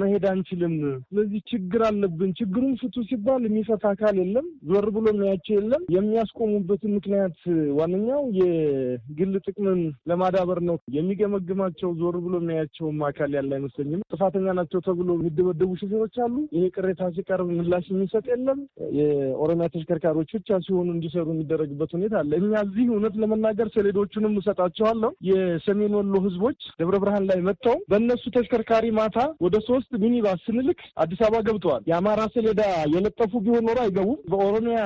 መሄድ አንችልም። ስለዚህ ችግር አለብን። ችግሩን ፍቱ ሲባል የሚፈታ አካል የለም፣ ዞር ብሎ የሚያቸው የለም። የሚያስቆሙበትን ምክንያት ዋነኛው የግል ጥቅምን ለማዳበር ነው። የሚገመግማቸው ዞር ብሎ የሚያቸውም አካል ያለ አይመስለኝም። ጥፋተኛ ናቸው ተብሎ የሚደበደቡ ሾፌሮች አሉ። ይሄ ቅሬታ ሲቀርብ ምላሽ የሚሰጥ የለም። የኦሮሚያ ተሽከርካሪዎች ብቻ ሲሆኑ እንዲሰሩ የሚደረግበት ሁኔታ አለ። እኛ እዚህ እውነት ለመናገር ሰሌዶቹንም እሰጣቸዋለሁ። የሰሜን ወሎ ህዝቦች ደብረ ብርሃን ላይ መጥተው በእነሱ ተሽከርካሪ ማታ ወደ ሶስት ሶስት ሚኒባስ ስንልክ አዲስ አበባ ገብተዋል። የአማራ ሰሌዳ የለጠፉ ቢሆን ኖሮ አይገቡም። በኦሮሚያ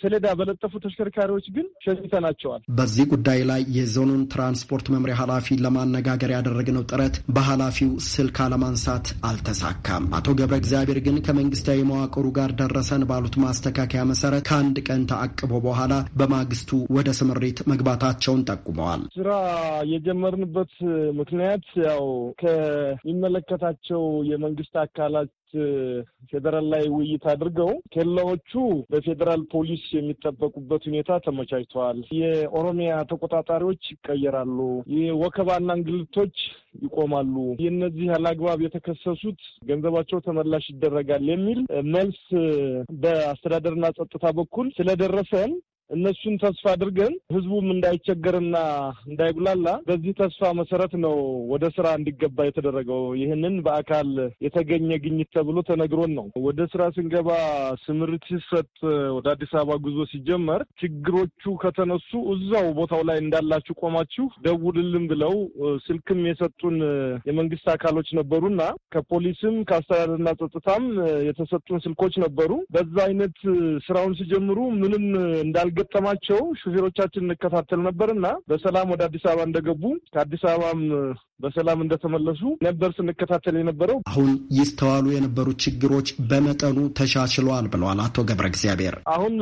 ሰሌዳ በለጠፉ ተሽከርካሪዎች ግን ሸኝተናቸዋል። በዚህ ጉዳይ ላይ የዞኑን ትራንስፖርት መምሪያ ኃላፊ ለማነጋገር ያደረግነው ጥረት በኃላፊው ስልክ አለማንሳት አልተሳካም። አቶ ገብረ እግዚአብሔር ግን ከመንግስታዊ መዋቅሩ ጋር ደረሰን ባሉት ማስተካከያ መሰረት ከአንድ ቀን ተአቅቦ በኋላ በማግስቱ ወደ ስምሪት መግባታቸውን ጠቁመዋል። ስራ የጀመርንበት ምክንያት ያው ከሚመለከታቸው የመንግስት አካላት ፌዴራል ላይ ውይይት አድርገው ኬላዎቹ በፌዴራል ፖሊስ የሚጠበቁበት ሁኔታ ተመቻችተዋል። የኦሮሚያ ተቆጣጣሪዎች ይቀየራሉ። የወከባና እንግልቶች ይቆማሉ። የእነዚህ አላግባብ የተከሰሱት ገንዘባቸው ተመላሽ ይደረጋል የሚል መልስ በአስተዳደርና ጸጥታ በኩል ስለደረሰን እነሱን ተስፋ አድርገን ህዝቡም እንዳይቸገርና እንዳይጉላላ በዚህ ተስፋ መሰረት ነው ወደ ስራ እንዲገባ የተደረገው። ይህንን በአካል የተገኘ ግኝት ተብሎ ተነግሮን ነው ወደ ስራ ስንገባ። ስምሪት ሲሰጥ ወደ አዲስ አበባ ጉዞ ሲጀመር ችግሮቹ ከተነሱ እዛው ቦታው ላይ እንዳላችሁ ቆማችሁ ደውልልን ብለው ስልክም የሰጡን የመንግስት አካሎች ነበሩና ከፖሊስም ከአስተዳደርና ጸጥታም የተሰጡን ስልኮች ነበሩ። በዛ አይነት ስራውን ሲጀምሩ ምንም እንዳል ሲገጠማቸው ሹፌሮቻችን እንከታተል ነበርና በሰላም ወደ አዲስ አበባ እንደገቡ ከአዲስ አበባም በሰላም እንደተመለሱ ነበር ስንከታተል የነበረው። አሁን ይስተዋሉ የነበሩ ችግሮች በመጠኑ ተሻሽለዋል ብለዋል አቶ ገብረ እግዚአብሔር። አሁን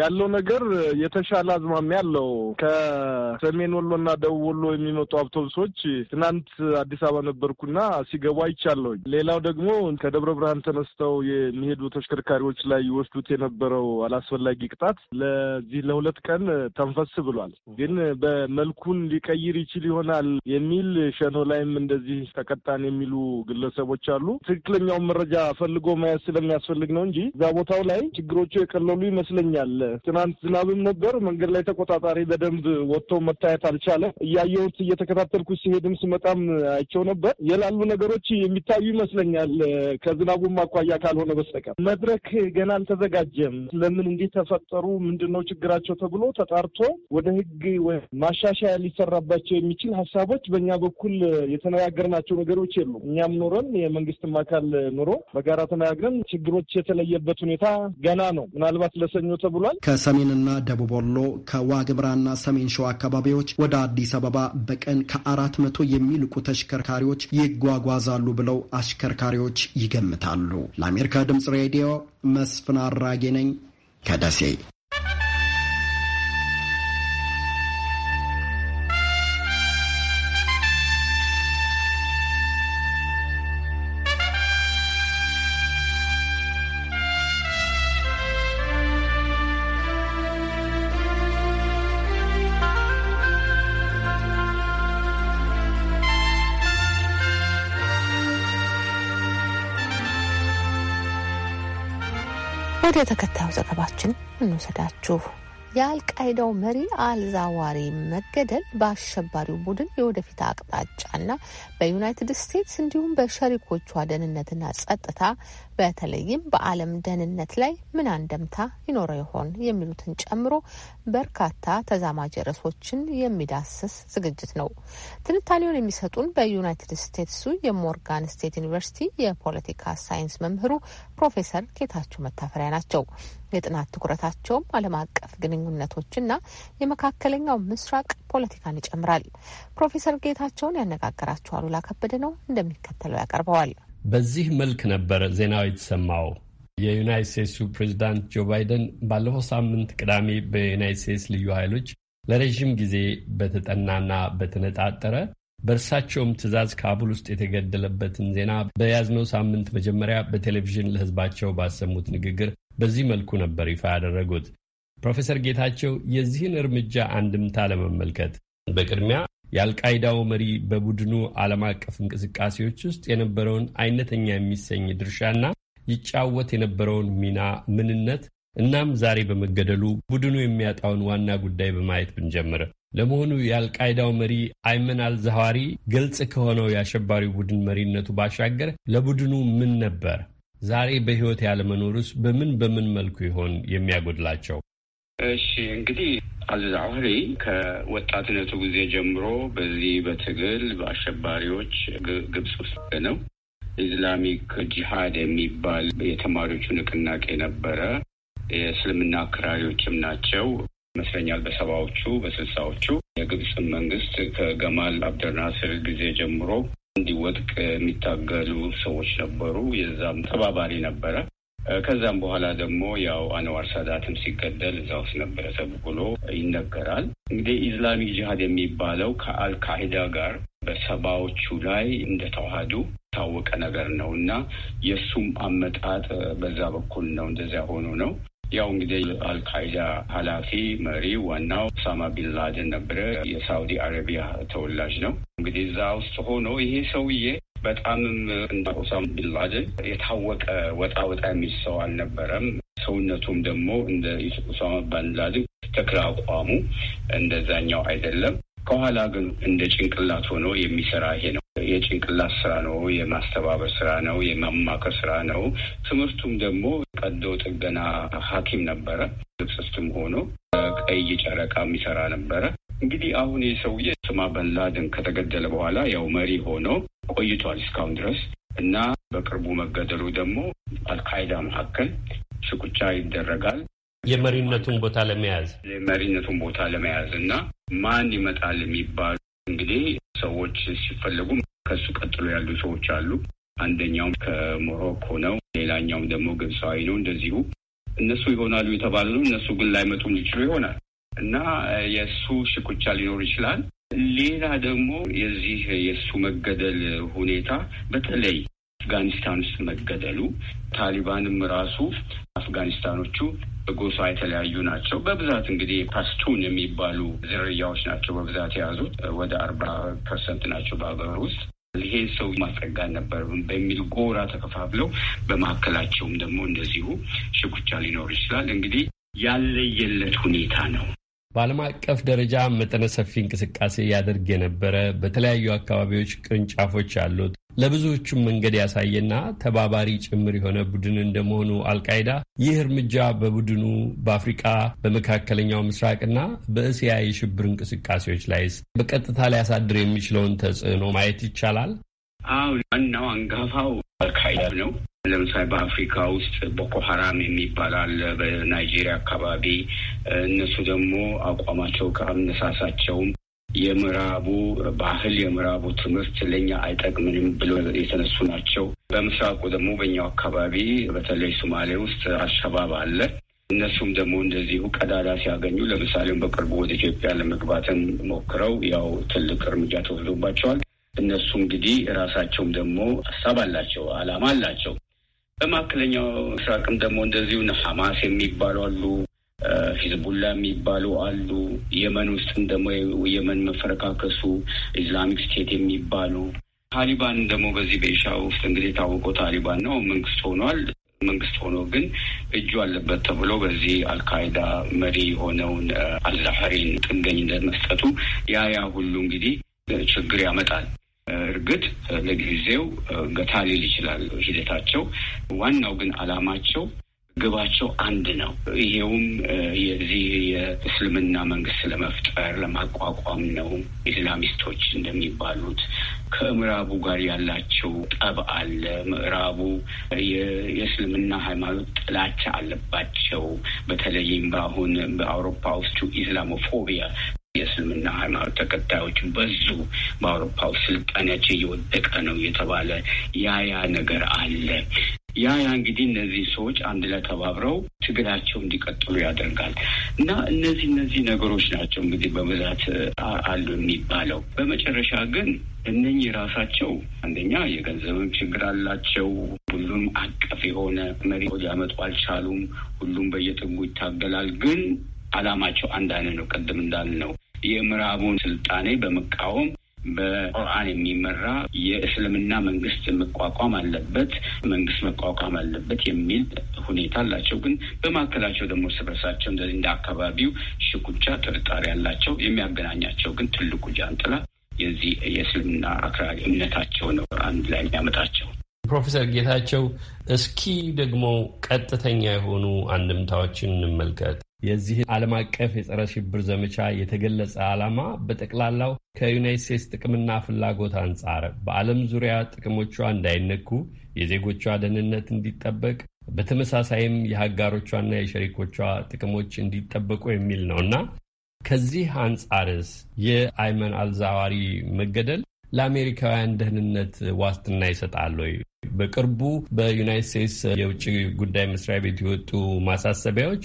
ያለው ነገር የተሻለ አዝማሚያ አለው። ከሰሜን ወሎና ደቡብ ወሎ የሚመጡ አውቶቡሶች ትናንት አዲስ አበባ ነበርኩና ሲገቡ አይቻለሁኝ። ሌላው ደግሞ ከደብረ ብርሃን ተነስተው የሚሄዱ ተሽከርካሪዎች ላይ ይወስዱት የነበረው አላስፈላጊ ቅጣት ለዚህ ለሁለት ቀን ተንፈስ ብሏል። ግን በመልኩን ሊቀይር ይችል ይሆናል የሚል ሰኖ ላይም እንደዚህ ተቀጣን የሚሉ ግለሰቦች አሉ። ትክክለኛውን መረጃ ፈልጎ መያዝ ስለሚያስፈልግ ነው እንጂ እዛ ቦታው ላይ ችግሮቹ የቀለሉ ይመስለኛል። ትናንት ዝናብም ነበር። መንገድ ላይ ተቆጣጣሪ በደንብ ወጥቶ መታየት አልቻለም። እያየሁት እየተከታተልኩ ሲሄድም ስመጣም አይቸው ነበር። የላሉ ነገሮች የሚታዩ ይመስለኛል ከዝናቡም አኳያ ካልሆነ በስተቀር መድረክ ገና አልተዘጋጀም። ለምን እንዲህ ተፈጠሩ ምንድነው ችግራቸው ተብሎ ተጣርቶ ወደ ህግ ማሻሻያ ሊሰራባቸው የሚችል ሀሳቦች በእኛ በኩል የተነጋገርናቸው ነገሮች የሉ። እኛም ኖረን የመንግስትም አካል ኑሮ በጋራ ተነጋግረን ችግሮች የተለየበት ሁኔታ ገና ነው። ምናልባት ለሰኞ ተብሏል። ከሰሜንና ደቡብ ወሎ ከዋግምራና ሰሜን ሸዋ አካባቢዎች ወደ አዲስ አበባ በቀን ከአራት መቶ የሚልቁ ተሽከርካሪዎች ይጓጓዛሉ ብለው አሽከርካሪዎች ይገምታሉ። ለአሜሪካ ድምጽ ሬዲዮ መስፍን አራጌ ነኝ ከደሴ ወደ ተከታዩ ዘገባችን እንውሰዳችሁ። የአልቃይዳው መሪ አልዛዋሪ መገደል በአሸባሪው ቡድን የወደፊት አቅጣጫና በዩናይትድ ስቴትስ እንዲሁም በሸሪኮቿ ደህንነትና ጸጥታ በተለይም በዓለም ደህንነት ላይ ምን አንደምታ ይኖረው ይሆን የሚሉትን ጨምሮ በርካታ ተዛማጅ ርዕሶችን የሚዳስስ ዝግጅት ነው። ትንታኔውን የሚሰጡን በዩናይትድ ስቴትሱ የሞርጋን ስቴት ዩኒቨርሲቲ የፖለቲካ ሳይንስ መምህሩ ፕሮፌሰር ጌታቸው መታፈሪያ ናቸው። የጥናት ትኩረታቸውም ዓለም አቀፍ ግንኙነቶችና የመካከለኛው ምስራቅ ፖለቲካን ይጨምራል። ፕሮፌሰር ጌታቸውን ያነጋገራቸው አሉላ ከበደ ነው እንደሚከተለው ያቀርበዋል። በዚህ መልክ ነበር ዜናው የተሰማው። የዩናይት ስቴትሱ ፕሬዚዳንት ጆ ባይደን ባለፈው ሳምንት ቅዳሜ በዩናይት ስቴትስ ልዩ ኃይሎች ለረዥም ጊዜ በተጠናና በተነጣጠረ በእርሳቸውም ትዕዛዝ ካቡል ውስጥ የተገደለበትን ዜና በያዝነው ሳምንት መጀመሪያ በቴሌቪዥን ለሕዝባቸው ባሰሙት ንግግር በዚህ መልኩ ነበር ይፋ ያደረጉት። ፕሮፌሰር ጌታቸው የዚህን እርምጃ አንድምታ ለመመልከት በቅድሚያ የአልቃይዳው መሪ በቡድኑ ዓለም አቀፍ እንቅስቃሴዎች ውስጥ የነበረውን አይነተኛ የሚሰኝ ድርሻና ይጫወት የነበረውን ሚና ምንነት እናም ዛሬ በመገደሉ ቡድኑ የሚያጣውን ዋና ጉዳይ በማየት ብንጀምር፣ ለመሆኑ የአልቃይዳው መሪ አይመን አልዛዋሪ ግልጽ ከሆነው የአሸባሪው ቡድን መሪነቱ ባሻገር ለቡድኑ ምን ነበር? ዛሬ በሕይወት ያለመኖሩስ በምን በምን መልኩ ይሆን የሚያጎድላቸው? እሺ እንግዲህ አዚዝ ከወጣትነቱ ጊዜ ጀምሮ በዚህ በትግል በአሸባሪዎች ግብጽ ውስጥ ነው። ኢስላሚክ ጂሃድ የሚባል የተማሪዎቹ ንቅናቄ ነበረ። የእስልምና አክራሪዎችም ናቸው ይመስለኛል። በሰባዎቹ በስልሳዎቹ የግብጽ መንግስት ከገማል አብደልናስር ጊዜ ጀምሮ እንዲወጥቅ የሚታገሉ ሰዎች ነበሩ። የዛም ተባባሪ ነበረ። ከዛም በኋላ ደግሞ ያው አንዋር ሳዳትም ሲገደል እዛ ውስጥ ነበረ ተብሎ ይነገራል። እንግዲህ ኢስላሚክ ጅሃድ የሚባለው ከአልካይዳ ጋር በሰባዎቹ ላይ እንደተዋህዱ ታወቀ ነገር ነው እና የእሱም አመጣጥ በዛ በኩል ነው። እንደዚያ ሆኖ ነው ያው እንግዲህ አልካይዳ ኃላፊ መሪ ዋናው ኡሳማ ቢንላደን ነበረ። የሳውዲ አረቢያ ተወላጅ ነው። እንግዲህ እዛ ውስጥ ሆኖ ይሄ ሰውዬ በጣምም እንደ ኦሳማ ቢንላደን የታወቀ ወጣ ወጣ የሚል ሰው አልነበረም። ሰውነቱም ደግሞ እንደ ኦሳማ ቢንላደን ተክለ አቋሙ እንደዛኛው አይደለም። ከኋላ ግን እንደ ጭንቅላት ሆኖ የሚሰራ ይሄ ነው። የጭንቅላት ስራ ነው፣ የማስተባበር ስራ ነው፣ የማማከር ስራ ነው። ትምህርቱም ደግሞ ቀዶ ጥገና ሐኪም ነበረ። ልብስስትም ሆኖ ቀይ ጨረቃ የሚሰራ ነበረ። እንግዲህ አሁን ይህ ሰውዬ ስማ በንላደን ከተገደለ በኋላ ያው መሪ ሆኖ ቆይቷል እስካሁን ድረስ እና በቅርቡ መገደሉ ደግሞ አልካይዳ መካከል ሽኩቻ ይደረጋል የመሪነቱን ቦታ ለመያዝ የመሪነቱን ቦታ ለመያዝ እና ማን ይመጣል የሚባሉ እንግዲህ ሰዎች ሲፈለጉ ከሱ ቀጥሎ ያሉ ሰዎች አሉ። አንደኛውም ከሞሮኮ ነው፣ ሌላኛውም ደግሞ ግብፃዊ ነው። እንደዚሁ እነሱ ይሆናሉ የተባለ ነው። እነሱ ግን ላይመጡ ሊችሉ ይሆናል። እና የእሱ ሽኩቻ ሊኖር ይችላል። ሌላ ደግሞ የዚህ የእሱ መገደል ሁኔታ በተለይ አፍጋኒስታን ውስጥ መገደሉ ታሊባንም ራሱ አፍጋኒስታኖቹ በጎሳ የተለያዩ ናቸው። በብዛት እንግዲህ ፓስቱን የሚባሉ ዝርያዎች ናቸው በብዛት የያዙት ወደ አርባ ፐርሰንት ናቸው በሀገር ውስጥ። ይሄ ሰው ማስጠጋን ነበር በሚል ጎራ ተከፋፍለው በመካከላቸውም ደግሞ እንደዚሁ ሽኩቻ ሊኖር ይችላል። እንግዲህ ያለየለት ሁኔታ ነው። በዓለም አቀፍ ደረጃ መጠነ ሰፊ እንቅስቃሴ ያደርግ የነበረ በተለያዩ አካባቢዎች ቅርንጫፎች ያሉት ለብዙዎቹም መንገድ ያሳየና ተባባሪ ጭምር የሆነ ቡድን እንደመሆኑ አልቃይዳ ይህ እርምጃ በቡድኑ በአፍሪቃ በመካከለኛው ምስራቅና በእስያ የሽብር እንቅስቃሴዎች ላይስ በቀጥታ ሊያሳድር የሚችለውን ተጽዕኖ ማየት ይቻላል? አዎ ዋናው አንጋፋው አልካይዳ ነው። ለምሳሌ በአፍሪካ ውስጥ ቦኮ ሀራም የሚባል አለ፣ በናይጄሪያ አካባቢ። እነሱ ደግሞ አቋማቸው ከአነሳሳቸውም የምዕራቡ ባህል የምዕራቡ ትምህርት ለእኛ አይጠቅምንም ብሎ የተነሱ ናቸው። በምስራቁ ደግሞ በእኛው አካባቢ በተለይ ሶማሌ ውስጥ አሸባብ አለ። እነሱም ደግሞ እንደዚሁ ቀዳዳ ሲያገኙ፣ ለምሳሌም በቅርቡ ወደ ኢትዮጵያ ለመግባትን ሞክረው ያው ትልቅ እርምጃ ተወስዶባቸዋል። እነሱ እንግዲህ ራሳቸውም ደግሞ ሀሳብ አላቸው፣ አላማ አላቸው። በመካከለኛው ምስራቅም ደግሞ እንደዚሁ ሐማስ የሚባሉ አሉ፣ ሂዝቡላ የሚባሉ አሉ። የመን ውስጥም ደግሞ የመን መፈረካከሱ ኢስላሚክ ስቴት የሚባሉ ታሊባን ደግሞ በዚህ በኢሻ ውስጥ እንግዲህ የታወቀው ታሊባን ነው። መንግስት ሆኗል። መንግስት ሆኖ ግን እጁ አለበት ተብሎ በዚህ አልካይዳ መሪ የሆነውን አልዛሐሪን ጥገኝነት መስጠቱ ያ ያ ሁሉ እንግዲህ ችግር ያመጣል። እርግጥ ለጊዜው ገታ ሊል ይችላል ሂደታቸው። ዋናው ግን አላማቸው ግባቸው አንድ ነው። ይሄውም የዚህ የእስልምና መንግስት ለመፍጠር ለማቋቋም ነው። ኢስላሚስቶች እንደሚባሉት ከምዕራቡ ጋር ያላቸው ጠብ አለ። ምዕራቡ የእስልምና ሃይማኖት ጥላቻ አለባቸው። በተለይም በአሁን በአውሮፓ ውስጥ ኢስላሞፎቢያ የእስልምና ሃይማኖት ተከታዮች በዙ በአውሮፓው ስልጣኔያቸው እየወደቀ ነው የተባለ ያያ ነገር አለ። ያ ያ እንግዲህ እነዚህ ሰዎች አንድ ላይ ተባብረው ትግላቸው እንዲቀጥሉ ያደርጋል እና እነዚህ እነዚህ ነገሮች ናቸው እንግዲህ በብዛት አሉ የሚባለው። በመጨረሻ ግን እነኚህ ራሳቸው አንደኛ የገንዘብም ችግር አላቸው። ሁሉም አቀፍ የሆነ መሪ ሊያመጡ አልቻሉም። ሁሉም በየጥጉ ይታገላል ግን አላማቸው አንድ አይነት ነው። ቅድም እንዳልነው የምዕራቡን ስልጣኔ በመቃወም በቁርአን የሚመራ የእስልምና መንግስት መቋቋም አለበት፣ መንግስት መቋቋም አለበት የሚል ሁኔታ አላቸው። ግን በመካከላቸው ደግሞ እርስ እንደዚህ እንደ አካባቢው ሽኩቻ፣ ጥርጣሬ ያላቸው የሚያገናኛቸው ግን ትልቁ ጃንጥላ የዚህ የእስልምና አክራሪ እምነታቸው ነው አንድ ላይ የሚያመጣቸው። ፕሮፌሰር ጌታቸው እስኪ ደግሞ ቀጥተኛ የሆኑ አንድምታዎችን እንመልከት። የዚህ ዓለም አቀፍ የጸረ ሽብር ዘመቻ የተገለጸ ዓላማ በጠቅላላው ከዩናይት ስቴትስ ጥቅምና ፍላጎት አንጻር በዓለም ዙሪያ ጥቅሞቿ እንዳይነኩ፣ የዜጎቿ ደህንነት እንዲጠበቅ፣ በተመሳሳይም የሀጋሮቿና የሸሪኮቿ ጥቅሞች እንዲጠበቁ የሚል ነውና ከዚህ አንጻርስ የአይመን አልዛዋሪ መገደል ለአሜሪካውያን ደህንነት ዋስትና ይሰጣል ወይ? በቅርቡ በዩናይት ስቴትስ የውጭ ጉዳይ መስሪያ ቤት የወጡ ማሳሰቢያዎች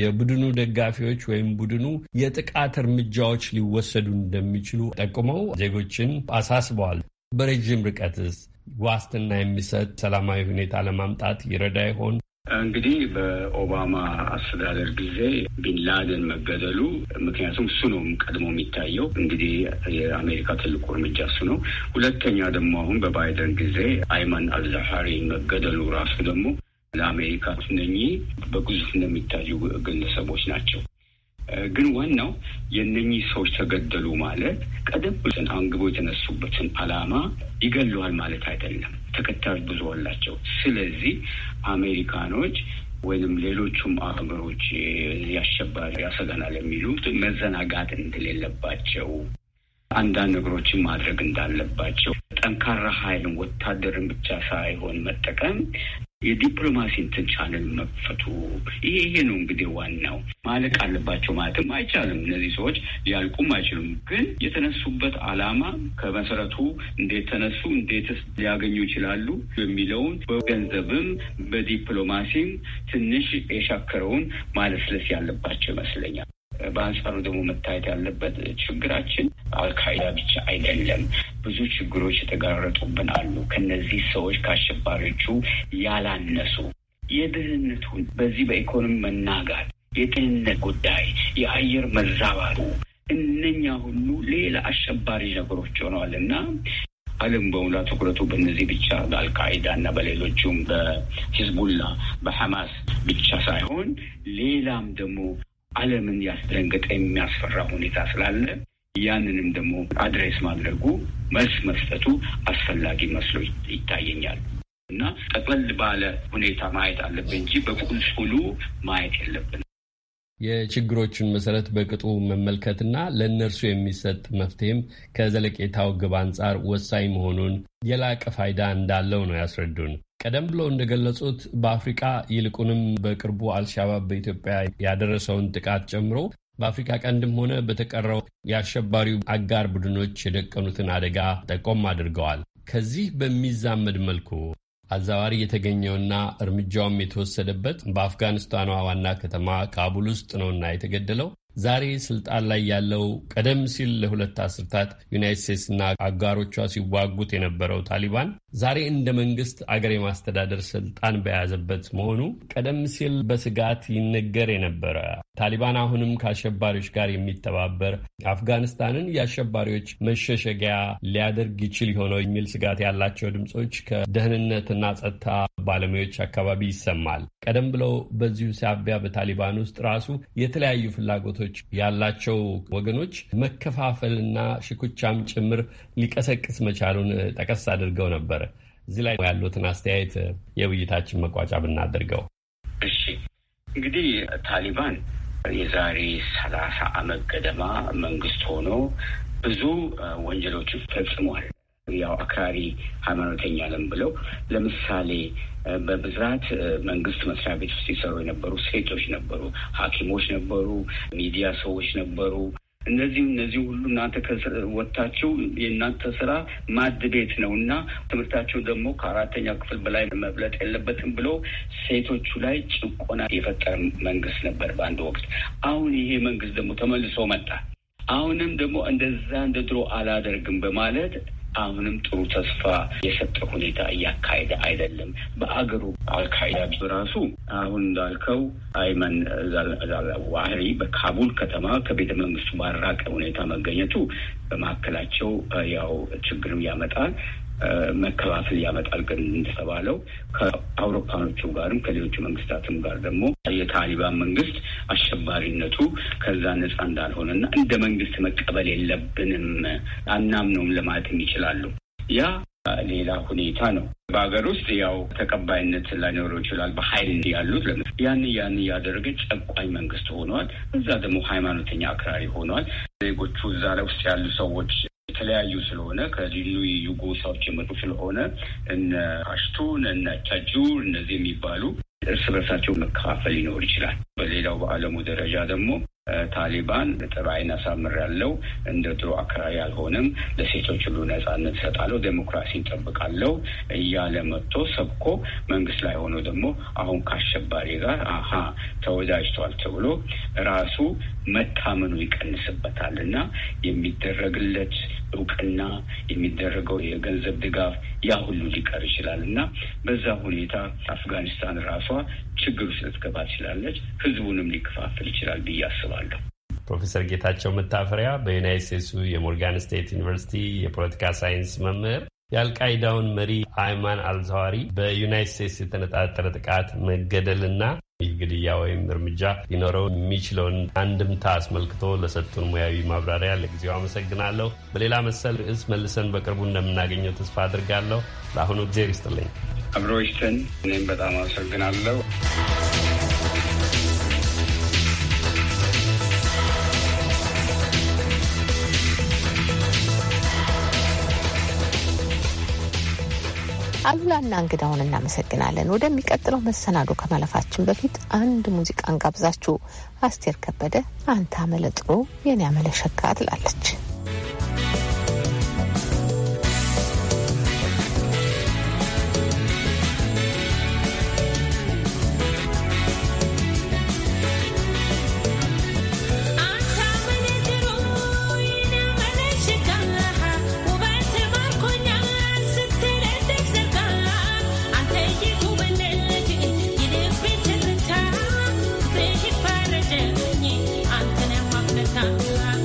የቡድኑ ደጋፊዎች ወይም ቡድኑ የጥቃት እርምጃዎች ሊወሰዱ እንደሚችሉ ጠቁመው ዜጎችን አሳስበዋል። በረዥም ርቀትስ ዋስትና የሚሰጥ ሰላማዊ ሁኔታ ለማምጣት ይረዳ ይሆን? እንግዲህ በኦባማ አስተዳደር ጊዜ ቢንላደን መገደሉ ምክንያቱም እሱ ነው ቀድሞ የሚታየው። እንግዲህ የአሜሪካ ትልቁ እርምጃ እሱ ነው። ሁለተኛ ደግሞ አሁን በባይደን ጊዜ አይማን አልዛሃሪ መገደሉ ራሱ ደግሞ ለአሜሪካ እነኚህ በግዙፍ እንደሚታዩ ግለሰቦች ናቸው። ግን ዋናው የእነኚህ ሰዎች ተገደሉ ማለት ቀደም ብለን አንግቦ የተነሱበትን አላማ ይገለዋል ማለት አይደለም። ተከታዮች ብዙ አላቸው። ስለዚህ አሜሪካኖች ወይንም ሌሎቹም አገሮች ያሸባሪ ያሰጋናል የሚሉት መዘናጋት እንደሌለባቸው አንዳንድ ነገሮችን ማድረግ እንዳለባቸው ጠንካራ ኃይልን ወታደርን ብቻ ሳይሆን መጠቀም የዲፕሎማሲ እንትን ቻንል መፈቱ ይሄ ይሄ ነው እንግዲህ ዋናው። ማለቅ አለባቸው ማለትም አይቻልም። እነዚህ ሰዎች ሊያልቁም አይችሉም። ግን የተነሱበት አላማ ከመሰረቱ እንዴት ተነሱ፣ እንዴትስ ሊያገኙ ይችላሉ የሚለውን በገንዘብም በዲፕሎማሲም ትንሽ የሻከረውን ማለስለስ ያለባቸው ይመስለኛል። በአንጻሩ ደግሞ መታየት ያለበት ችግራችን አልካይዳ ብቻ አይደለም። ብዙ ችግሮች የተጋረጡብን አሉ። ከነዚህ ሰዎች ከአሸባሪዎቹ ያላነሱ የድህነቱን፣ በዚህ በኢኮኖሚ መናጋት፣ የጤንነት ጉዳይ፣ የአየር መዛባቱ እነኛ ሁሉ ሌላ አሸባሪ ነገሮች ሆነዋል እና ዓለም በሙላ ትኩረቱ በእነዚህ ብቻ በአልቃይዳ እና በሌሎቹም በሂዝቡላ በሐማስ ብቻ ሳይሆን ሌላም ደግሞ ዓለምን ያስደንግጠ የሚያስፈራ ሁኔታ ስላለ ያንንም ደግሞ አድሬስ ማድረጉ መልስ መስጠቱ አስፈላጊ መስሎ ይታየኛል። እና ጠቅለል ባለ ሁኔታ ማየት አለብን እንጂ በቁልቁሉ ማየት የለብን። የችግሮቹን መሰረት በቅጡ መመልከትና ለእነርሱ የሚሰጥ መፍትሄም ከዘለቄታው ግብ አንጻር ወሳኝ መሆኑን የላቀ ፋይዳ እንዳለው ነው ያስረዱን። ቀደም ብሎ እንደገለጹት በአፍሪቃ ይልቁንም በቅርቡ አልሻባብ በኢትዮጵያ ያደረሰውን ጥቃት ጨምሮ በአፍሪካ ቀንድም ሆነ በተቀረው የአሸባሪው አጋር ቡድኖች የደቀኑትን አደጋ ጠቆም አድርገዋል። ከዚህ በሚዛመድ መልኩ አዛዋሪ የተገኘውና እርምጃውም የተወሰደበት በአፍጋኒስታኗ ዋና ከተማ ካቡል ውስጥ ነውና የተገደለው ዛሬ ስልጣን ላይ ያለው ቀደም ሲል ለሁለት አስርታት ዩናይት ስቴትስና አጋሮቿ ሲዋጉት የነበረው ታሊባን ዛሬ እንደ መንግስት አገር የማስተዳደር ስልጣን በያዘበት መሆኑ ቀደም ሲል በስጋት ይነገር የነበረ ታሊባን አሁንም ከአሸባሪዎች ጋር የሚተባበር አፍጋኒስታንን የአሸባሪዎች መሸሸጊያ ሊያደርግ ይችል የሆነው የሚል ስጋት ያላቸው ድምፆች ከደህንነትና ጸጥታ ባለሙያዎች አካባቢ ይሰማል። ቀደም ብለው በዚሁ ሳቢያ በታሊባን ውስጥ ራሱ የተለያዩ ፍላጎቶች ያላቸው ወገኖች መከፋፈልና ሽኩቻም ጭምር ሊቀሰቅስ መቻሉን ጠቀስ አድርገው ነበር። እዚህ ላይ ያሉትን አስተያየት የውይይታችን መቋጫ ብናደርገው። እሺ እንግዲህ ታሊባን የዛሬ ሰላሳ አመት ገደማ መንግስት ሆኖ ብዙ ወንጀሎችን ፈጽሟል። ያው አክራሪ ሃይማኖተኛ ነን ብለው ለምሳሌ በብዛት መንግስት መስሪያ ቤት ውስጥ ሲሰሩ የነበሩ ሴቶች ነበሩ፣ ሐኪሞች ነበሩ፣ ሚዲያ ሰዎች ነበሩ፣ እነዚህ እነዚህ ሁሉ እናንተ ወጥታችሁ የእናንተ ስራ ማድ ቤት ነው እና ትምህርታችሁ ደግሞ ከአራተኛ ክፍል በላይ መብለጥ የለበትም ብሎ ሴቶቹ ላይ ጭቆና የፈጠረ መንግስት ነበር በአንድ ወቅት። አሁን ይሄ መንግስት ደግሞ ተመልሶ መጣ። አሁንም ደግሞ እንደዛ እንደ ድሮ አላደርግም በማለት አሁንም ጥሩ ተስፋ የሰጠ ሁኔታ እያካሄደ አይደለም። በአገሩ አልካይዳ በራሱ አሁን እንዳልከው አይመን ዛላዋህሪ በካቡል ከተማ ከቤተ መንግስቱ ባራቀ ሁኔታ መገኘቱ በመካከላቸው ያው ችግርም ያመጣል። መከፋፈል ያመጣል። ግን እንደተባለው ከአውሮፓኖቹ ጋርም ከሌሎቹ መንግስታትም ጋር ደግሞ የታሊባን መንግስት አሸባሪነቱ ከዛ ነጻ እንዳልሆነ እንዳልሆነና እንደ መንግስት መቀበል የለብንም አናምነውም ለማለትም ይችላሉ። ያ ሌላ ሁኔታ ነው። በሀገር ውስጥ ያው ተቀባይነት ላይኖረው ይችላል። በሀይል ያሉት ለ ያን ያን እያደረገ ጨቋኝ መንግስት ሆኗል። እዛ ደግሞ ሃይማኖተኛ አክራሪ ሆኗል። ዜጎቹ እዛ ላይ ውስጥ ያሉ ሰዎች የተለያዩ ስለሆነ ከልዩ ጎሳዎች የመጡ ስለሆነ እነ አሽቱን እነ ቻጁር እነዚህ የሚባሉ እርስ በርሳቸው መከፋፈል ሊኖር ይችላል። በሌላው በዓለሙ ደረጃ ደግሞ ታሊባን አሳምር ያለው እንደ ድሮ አክራሪ አልሆንም፣ ለሴቶች ሁሉ ነጻነት እሰጣለሁ፣ ዴሞክራሲ እጠብቃለሁ እያለ መጥቶ ሰብኮ መንግስት ላይ ሆኖ ደግሞ አሁን ከአሸባሪ ጋር አሀ ተወዳጅቷል ተብሎ ራሱ መታመኑ ይቀንስበታል እና የሚደረግለት እውቅና የሚደረገው የገንዘብ ድጋፍ ያ ሁሉ ሊቀር ይችላል እና በዛ ሁኔታ አፍጋኒስታን ራሷ ችግር ውስጥ ልትገባ ትችላለች፣ ህዝቡንም ሊከፋፍል ይችላል ብዬ አስባለሁ። ፕሮፌሰር ጌታቸው መታፈሪያ በዩናይት ስቴትሱ የሞርጋን ስቴት ዩኒቨርሲቲ የፖለቲካ ሳይንስ መምህር የአልቃይዳውን መሪ አይማን አልዛዋሪ በዩናይት ስቴትስ የተነጣጠረ ጥቃት መገደልና ይህ ግድያ ወይም እርምጃ ሊኖረው የሚችለውን አንድምታ አስመልክቶ ለሰጡን ሙያዊ ማብራሪያ ለጊዜው አመሰግናለሁ። በሌላ መሰል ርዕስ መልሰን በቅርቡ እንደምናገኘው ተስፋ አድርጋለሁ። ለአሁኑ እግዜር ይስጥልኝ። አብሮችትን እኔም በጣም አመሰግናለሁ። አሉላና እንግዳውን እናመሰግናለን። ወደሚቀጥለው መሰናዶ ከማለፋችን በፊት አንድ ሙዚቃን እንጋብዛችሁ። አስቴር ከበደ አንተ አመለ ጥሩ የኔ አመለሸካ ትላለች። time.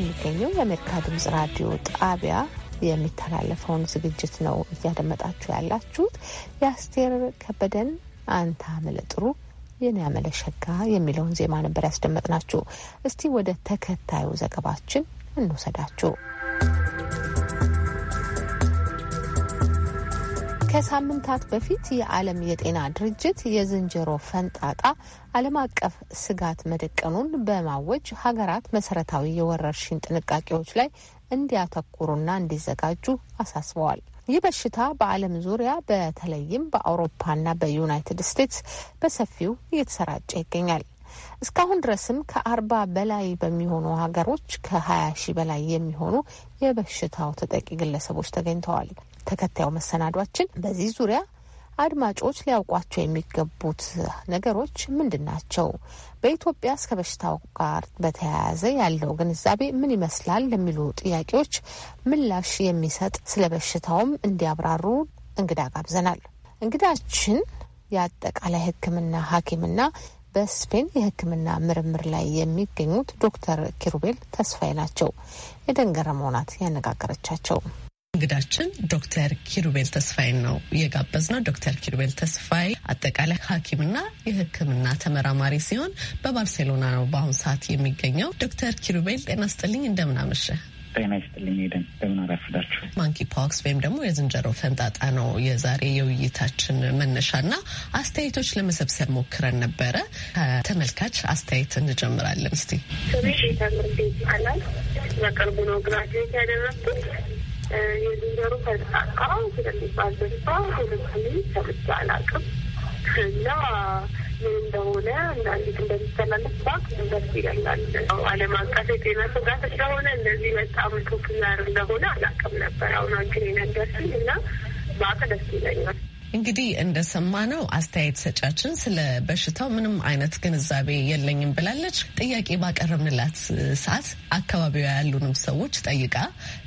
ከሚገኘው የአሜሪካ ድምጽ ራዲዮ ጣቢያ የሚተላለፈውን ዝግጅት ነው እያደመጣችሁ ያላችሁት። የአስቴር ከበደን አንተ አመለጥሩ የኔ አመለሸጋ የሚለውን ዜማ ነበር ያስደመጥናችሁ። እስቲ ወደ ተከታዩ ዘገባችን እንውሰዳችሁ። ከሳምንታት በፊት የዓለም የጤና ድርጅት የዝንጀሮ ፈንጣጣ ዓለም አቀፍ ስጋት መደቀኑን በማወጅ ሀገራት መሰረታዊ የወረርሽኝ ጥንቃቄዎች ላይ እንዲያተኩሩና እንዲዘጋጁ አሳስበዋል። ይህ በሽታ በዓለም ዙሪያ በተለይም በአውሮፓና በዩናይትድ ስቴትስ በሰፊው እየተሰራጨ ይገኛል። እስካሁን ድረስም ከአርባ በላይ በሚሆኑ ሀገሮች ከሀያ ሺህ በላይ የሚሆኑ የበሽታው ተጠቂ ግለሰቦች ተገኝተዋል። ተከታዩ መሰናዷችን በዚህ ዙሪያ አድማጮች ሊያውቋቸው የሚገቡት ነገሮች ምንድን ናቸው? በኢትዮጵያ እስከ በሽታው ጋር በተያያዘ ያለው ግንዛቤ ምን ይመስላል? ለሚሉ ጥያቄዎች ምላሽ የሚሰጥ ስለ በሽታውም እንዲያብራሩ እንግዳ ጋብዘናል። እንግዳችን የአጠቃላይ ሕክምና ሐኪምና በስፔን የሕክምና ምርምር ላይ የሚገኙት ዶክተር ኪሩቤል ተስፋዬ ናቸው። የደንገረ ናት ያነጋገረቻቸው። እንግዳችን ዶክተር ኪሩቤል ተስፋዬን ነው የጋበዝነው። ዶክተር ኪሩቤል ተስፋዬ አጠቃላይ ሐኪምና የሕክምና ተመራማሪ ሲሆን በባርሴሎና ነው በአሁኑ ሰዓት የሚገኘው። ዶክተር ኪሩቤል ጤና ስጥልኝ፣ እንደምናመሸ ጤና ይስጥልኝ። ሄደን እንደምን አረፍዳችሁ። ማንኪ ፓክስ ወይም ደግሞ የዝንጀሮ ፈንጣጣ ነው የዛሬ የውይይታችን መነሻና አስተያየቶች ለመሰብሰብ ሞክረን ነበረ። ተመልካች አስተያየት እንጀምራለን። እስቲ ስሜ ቤተምር በቅርቡ ነው ግራጅ ያደረግኩት የዝንጀሮ ፈንጣቃ ስለሚባል በሽታ ሁለትሊ ሰምቼ አላውቅም እና ምን እንደሆነ እና እንደሚተላለፍ ባክ ደስ ይለናል። ዓለም አቀፍ የጤና ስጋት ስለሆነ እንደዚህ በጣም ፖፑላር እንደሆነ አላውቅም ነበር። አሁን አንቺን የነገርሽኝ እና ባክ ደስ ይለኛል። እንግዲህ እንደሰማ ነው አስተያየት ሰጫችን ስለ በሽታው ምንም አይነት ግንዛቤ የለኝም ብላለች። ጥያቄ ባቀረብንላት ሰዓት አካባቢዋ ያሉንም ሰዎች ጠይቃ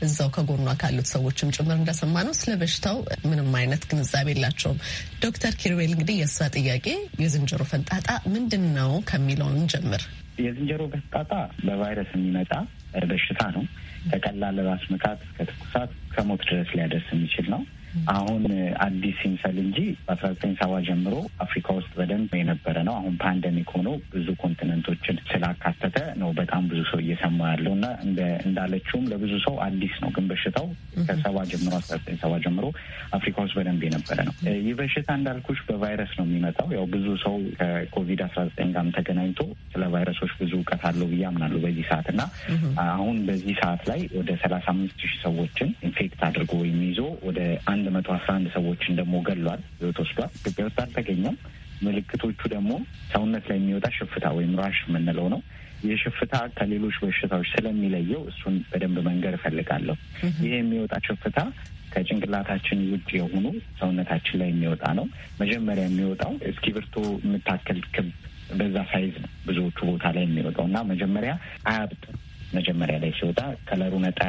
እዛው ከጎኗ ካሉት ሰዎችም ጭምር እንደሰማ ነው ስለ በሽታው ምንም አይነት ግንዛቤ የላቸውም። ዶክተር ኪርቤል እንግዲህ የእሷ ጥያቄ የዝንጀሮ ፈንጣጣ ምንድን ነው ከሚለውን ጀምር። የዝንጀሮ ፈንጣጣ በቫይረስ የሚመጣ በሽታ ነው። ከቀላል ራስ ምታት፣ ከትኩሳት፣ ከሞት ድረስ ሊያደርስ የሚችል ነው። አሁን አዲስ ይምሰል እንጂ በአስራ ዘጠኝ ሰባ ጀምሮ አፍሪካ ውስጥ በደንብ የነበረ ነው። አሁን ፓንደሚክ ሆኖ ብዙ ኮንቲነንቶችን ስላካተተ ነው በጣም ብዙ ሰው እየሰማ ያለው እና እንዳለችውም ለብዙ ሰው አዲስ ነው። ግን በሽታው ከሰባ ጀምሮ አስራ ዘጠኝ ሰባ ጀምሮ አፍሪካ ውስጥ በደንብ የነበረ ነው። ይህ በሽታ እንዳልኩሽ በቫይረስ ነው የሚመጣው። ያው ብዙ ሰው ከኮቪድ አስራ ዘጠኝ ጋርም ተገናኝቶ ስለ ቫይረሶች ብዙ እውቀት አለው ብዬ አምናለሁ በዚህ ሰዓት እና አሁን በዚህ ሰዓት ላይ ወደ ሰላሳ አምስት ሺህ ሰዎችን ኢንፌክት አድርጎ ወይም ይዞ ወደ አንድ አንድ መቶ አስራ አንድ ሰዎችን ደግሞ ገሏል፣ ህይወት ወስዷል። ኢትዮጵያ ውስጥ አልተገኘም። ምልክቶቹ ደግሞ ሰውነት ላይ የሚወጣ ሽፍታ ወይም ራሽ የምንለው ነው። ይህ ሽፍታ ከሌሎች በሽታዎች ስለሚለየው እሱን በደንብ መንገር እፈልጋለሁ። ይህ የሚወጣ ሽፍታ ከጭንቅላታችን ውጭ የሆኑ ሰውነታችን ላይ የሚወጣ ነው። መጀመሪያ የሚወጣው እስክሪብቶ የምታክል ክብ በዛ ሳይዝ ነው ብዙዎቹ ቦታ ላይ የሚወጣው እና መጀመሪያ አያብጥም። መጀመሪያ ላይ ሲወጣ ከለሩ ነጣ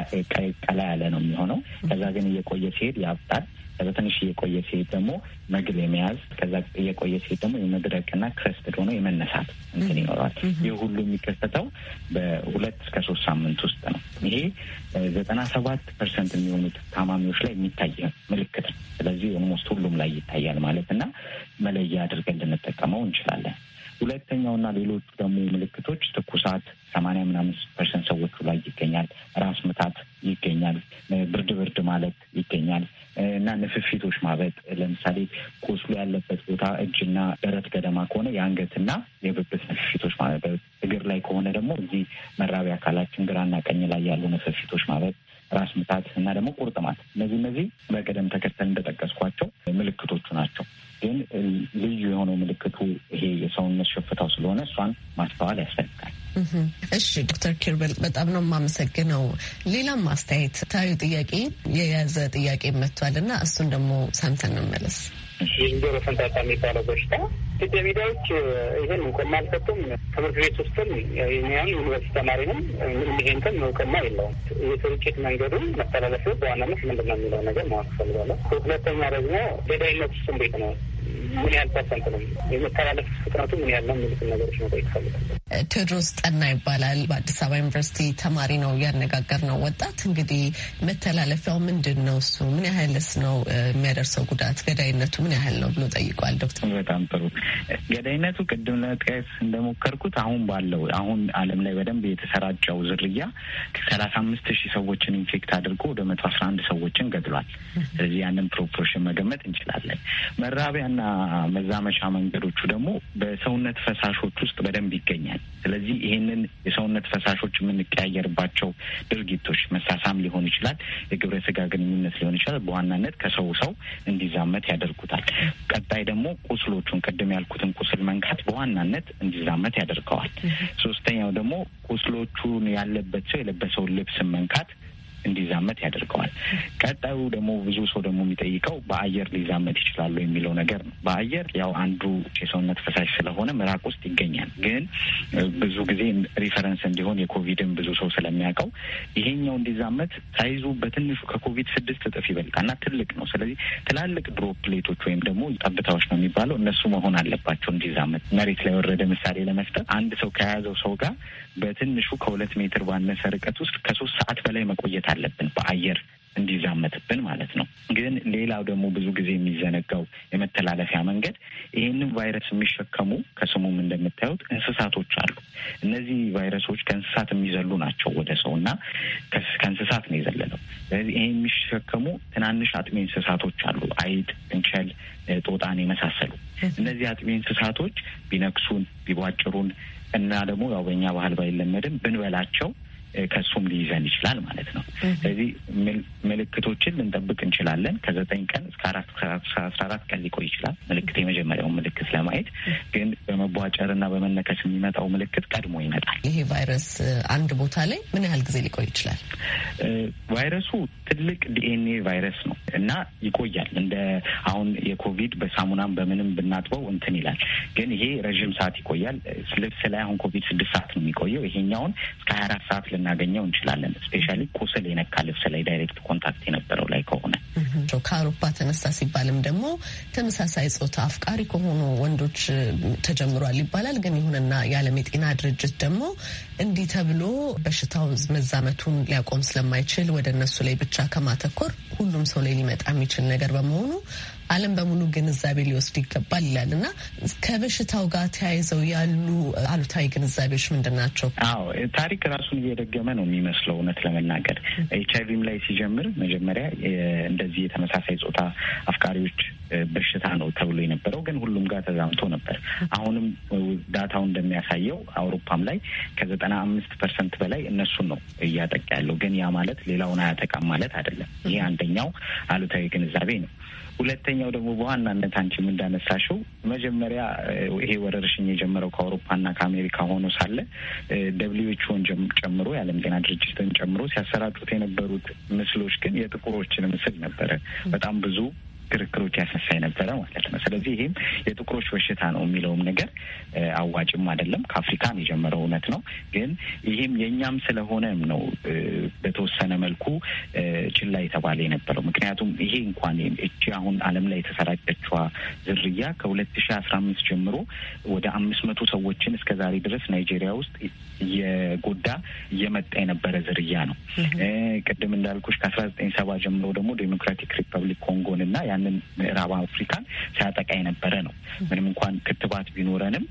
ቀላ ያለ ነው የሚሆነው። ከዛ ግን እየቆየ ሲሄድ ያብጣል። ከዛ ትንሽ እየቆየ ሲሄድ ደግሞ መግብ የመያዝ ከዛ እየቆየ ሲሄድ ደግሞ የመድረቅና ክረስትድ ሆኖ የመነሳት እንትን ይኖረዋል። ይህ ሁሉ የሚከሰተው በሁለት እስከ ሶስት ሳምንት ውስጥ ነው። ይሄ ዘጠና ሰባት ፐርሰንት የሚሆኑት ታማሚዎች ላይ የሚታይ ምልክት ነው። ስለዚህ ኦልሞስት ሁሉም ላይ ይታያል ማለት እና መለያ አድርገን ልንጠቀመው እንችላለን። ሁለተኛውና ሌሎቹ ደግሞ ምልክቶች ትኩሳት ሰማንያ ምናምን ፐርሰንት ሰዎቹ ላይ ይገኛል። ራስ ምታት ይገኛል። ብርድ ብርድ ማለት ይገኛል እና ንፍፊቶች ማበጥ፣ ለምሳሌ ቁስሉ ያለበት ቦታ እጅና ደረት ገደማ ከሆነ የአንገትና የብብት ንፍፊቶች ማበጥ፣ እግር ላይ ከሆነ ደግሞ እዚህ መራቢያ አካላችን ግራና ቀኝ ላይ ያሉ ንፍፊቶች ማበጥ ራስ ምታት እና ደግሞ ቁርጥማት፣ እነዚህ እነዚህ በቅደም ተከተል እንደጠቀስኳቸው ምልክቶቹ ናቸው። ግን ልዩ የሆነው ምልክቱ ይሄ የሰውነት ሽፍታው ስለሆነ እሷን ማስተዋል ያስፈልጋል። እሺ ዶክተር ኪርበል በጣም ነው የማመሰግነው። ሌላም አስተያየት ታዩ ጥያቄ የያዘ ጥያቄ መጥቷል እና እሱን ደግሞ ሰምተን እንመለስ። ይህ ጆሮ የሚባለው በሽታ ኢትዮጵያዊዳዎች ሚዲያዎች ይህን እውቅና አልሰጡም። ትምህርት ቤት ውስጥም የሚያን ዩኒቨርሲቲ ተማሪንም ምንም ይሄ እንትን እውቅና የለውም። የስርጭት መንገዱን መተላለፊ በዋናነት ምንድን ነው የሚለው ነገር ማወቅ ፈልጋለሁ። ሁለተኛ ደግሞ ገዳይነት ውስጥም ቤት ነው ምን ያህል ፐርሰንት ነው የመተላለፍ ፍጥነቱ ምን ያህል ነው የሚሉትን ነገሮች ነው ይፈልጋል። ቴዎድሮስ ጠና ይባላል። በአዲስ አበባ ዩኒቨርሲቲ ተማሪ ነው ያነጋገር ነው ወጣት። እንግዲህ መተላለፊያው ምንድን ነው እሱ ምን ያህልስ ነው የሚያደርሰው ጉዳት ገዳይነቱ ምን ያህል ነው ብሎ ጠይቋል። ዶክተር በጣም ጥሩ ገዳይነቱ ቅድም ለመጥቀስ እንደሞከርኩት አሁን ባለው አሁን ዓለም ላይ በደንብ የተሰራጨው ዝርያ ሰላሳ አምስት ሺህ ሰዎችን ኢንፌክት አድርጎ ወደ መቶ አስራ አንድ ሰዎችን ገድሏል። ስለዚህ ያንን ፕሮፖርሽን መገመት እንችላለን መራቢያ ዋና መዛመቻ መንገዶቹ ደግሞ በሰውነት ፈሳሾች ውስጥ በደንብ ይገኛል። ስለዚህ ይህንን የሰውነት ፈሳሾች የምንቀያየርባቸው ድርጊቶች መሳሳም ሊሆን ይችላል፣ የግብረ ስጋ ግንኙነት ሊሆን ይችላል። በዋናነት ከሰው ሰው እንዲዛመት ያደርጉታል። ቀጣይ ደግሞ ቁስሎቹን ቅድም ያልኩትን ቁስል መንካት በዋናነት እንዲዛመት ያደርገዋል። ሶስተኛው ደግሞ ቁስሎቹን ያለበት ሰው የለበሰውን ልብስ መንካት እንዲዛመት ያደርገዋል። ቀጣዩ ደግሞ ብዙ ሰው ደግሞ የሚጠይቀው በአየር ሊዛመት ይችላሉ የሚለው ነገር ነው። በአየር ያው አንዱ የሰውነት ፈሳሽ ስለሆነ ምራቅ ውስጥ ይገኛል። ግን ብዙ ጊዜ ሪፈረንስ እንዲሆን የኮቪድን ብዙ ሰው ስለሚያውቀው ይሄኛው እንዲዛመት ሳይዙ በትንሹ ከኮቪድ ስድስት እጥፍ ይበልጣልና ትልቅ ነው። ስለዚህ ትላልቅ ድሮፕሌቶች ወይም ደግሞ ጠብታዎች ነው የሚባለው እነሱ መሆን አለባቸው እንዲዛመት። መሬት ላይ ወረደ ምሳሌ ለመስጠት አንድ ሰው ከያዘው ሰው ጋር በትንሹ ከሁለት ሜትር ባነሰ ርቀት ውስጥ ከሶስት ሰዓት በላይ መቆየት አለብን በአየር እንዲዛመትብን ማለት ነው። ግን ሌላው ደግሞ ብዙ ጊዜ የሚዘነጋው የመተላለፊያ መንገድ ይህንን ቫይረስ የሚሸከሙ ከስሙም እንደምታዩት እንስሳቶች አሉ። እነዚህ ቫይረሶች ከእንስሳት የሚዘሉ ናቸው ወደ ሰው እና ከእንስሳት ነው የዘለለው። ስለዚህ ይህ የሚሸከሙ ትናንሽ አጥቢ እንስሳቶች አሉ፣ አይጥ፣ እንቸል፣ ጦጣን የመሳሰሉ እነዚህ አጥቢ እንስሳቶች ቢነክሱን፣ ቢቧጭሩን እና ደግሞ ያው በእኛ ባህል ባይለመድም ብንበላቸው ከሱም ሊይዘን ይችላል ማለት ነው። ስለዚህ ምልክቶችን ልንጠብቅ እንችላለን። ከዘጠኝ ቀን እስከ አራት አስራ አራት ቀን ሊቆይ ይችላል። ምልክት የመጀመሪያውን ምልክት ለማየት ግን በመቧጨር ና በመነከስ የሚመጣው ምልክት ቀድሞ ይመጣል። ይሄ ቫይረስ አንድ ቦታ ላይ ምን ያህል ጊዜ ሊቆይ ይችላል? ቫይረሱ ትልቅ ዲኤንኤ ቫይረስ ነው እና ይቆያል። እንደ አሁን የኮቪድ በሳሙናም በምንም ብናጥበው እንትን ይላል። ግን ይሄ ረዥም ሰዓት ይቆያል። ልብስ ላይ አሁን ኮቪድ ስድስት ሰዓት ነው የሚቆየው። ይሄኛውን እስከ ሀያ አራት ሰዓት ልናገኘው እንችላለን። ስፔሻሊ ቁስል የነካ ልብስ ላይ ዳይሬክት ኮንታክት የነበረው ላይ ከሆነ ከአውሮፓ ተነሳ ሲባልም ደግሞ ተመሳሳይ ጾታ አፍቃሪ ከሆኑ ወንዶች ተጀምሯል ይባላል። ግን ይሁንና የዓለም የጤና ድርጅት ደግሞ እንዲህ ተብሎ በሽታው መዛመቱን ሊያቆም ስለማይችል ወደ እነሱ ላይ ብቻ ከማተኮር ሁሉም ሰው ላይ ሊመጣ የሚችል ነገር በመሆኑ ዓለም በሙሉ ግንዛቤ ሊወስድ ይገባል ይላል እና ከበሽታው ጋር ተያይዘው ያሉ አሉታዊ ግንዛቤዎች ምንድን ናቸው? አዎ ታሪክ ራሱን እየደገመ ነው የሚመስለው እውነት ለመናገር ኤች አይቪም ላይ ሲጀምር መጀመሪያ እንደዚህ የተመሳሳይ ጾታ አፍቃሪዎች በሽታ ነው ተብሎ የነበረው ግን ሁሉም ጋር ተዛምቶ ነበር። አሁንም ዳታው እንደሚያሳየው አውሮፓም ላይ ከዘጠና አምስት ፐርሰንት በላይ እነሱን ነው እያጠቃ ያለው። ግን ያ ማለት ሌላውን አያጠቃም ማለት አይደለም። ይህ አንደኛው አሉታዊ ግንዛቤ ነው። ሁለተኛው ደግሞ በዋናነት አንቺም እንዳነሳሽው መጀመሪያ ይሄ ወረርሽኝ የጀመረው ከአውሮፓና ከአሜሪካ ሆኖ ሳለ ደብሊዎችን ጨምሮ የዓለም ጤና ድርጅትን ጨምሮ ሲያሰራጩት የነበሩት ምስሎች ግን የጥቁሮችን ምስል ነበረ። በጣም ብዙ ክርክሮች ያስነሳ የነበረ ማለት ነው። ስለዚህ ይህም የጥቁሮች በሽታ ነው የሚለውም ነገር አዋጭም አይደለም። ከአፍሪካን የጀመረው እውነት ነው፣ ግን ይህም የእኛም ስለሆነም ነው በተወሰነ መልኩ ችላ የተባለ የነበረው። ምክንያቱም ይሄ እንኳን እቺ አሁን ዓለም ላይ የተሰራጨችዋ ዝርያ ከሁለት ሺ አስራ አምስት ጀምሮ ወደ አምስት መቶ ሰዎችን እስከ ዛሬ ድረስ ናይጄሪያ ውስጥ እየጎዳ እየመጣ የነበረ ዝርያ ነው። ቅድም እንዳልኩሽ ከአስራ ዘጠኝ ሰባ ጀምሮ ደግሞ ዴሞክራቲክ ሪፐብሊክ ኮንጎን እና ያንን ምዕራብ አፍሪካን ሲያጠቃ የነበረ ነው። ምንም እንኳን ክትባት ቢኖረንም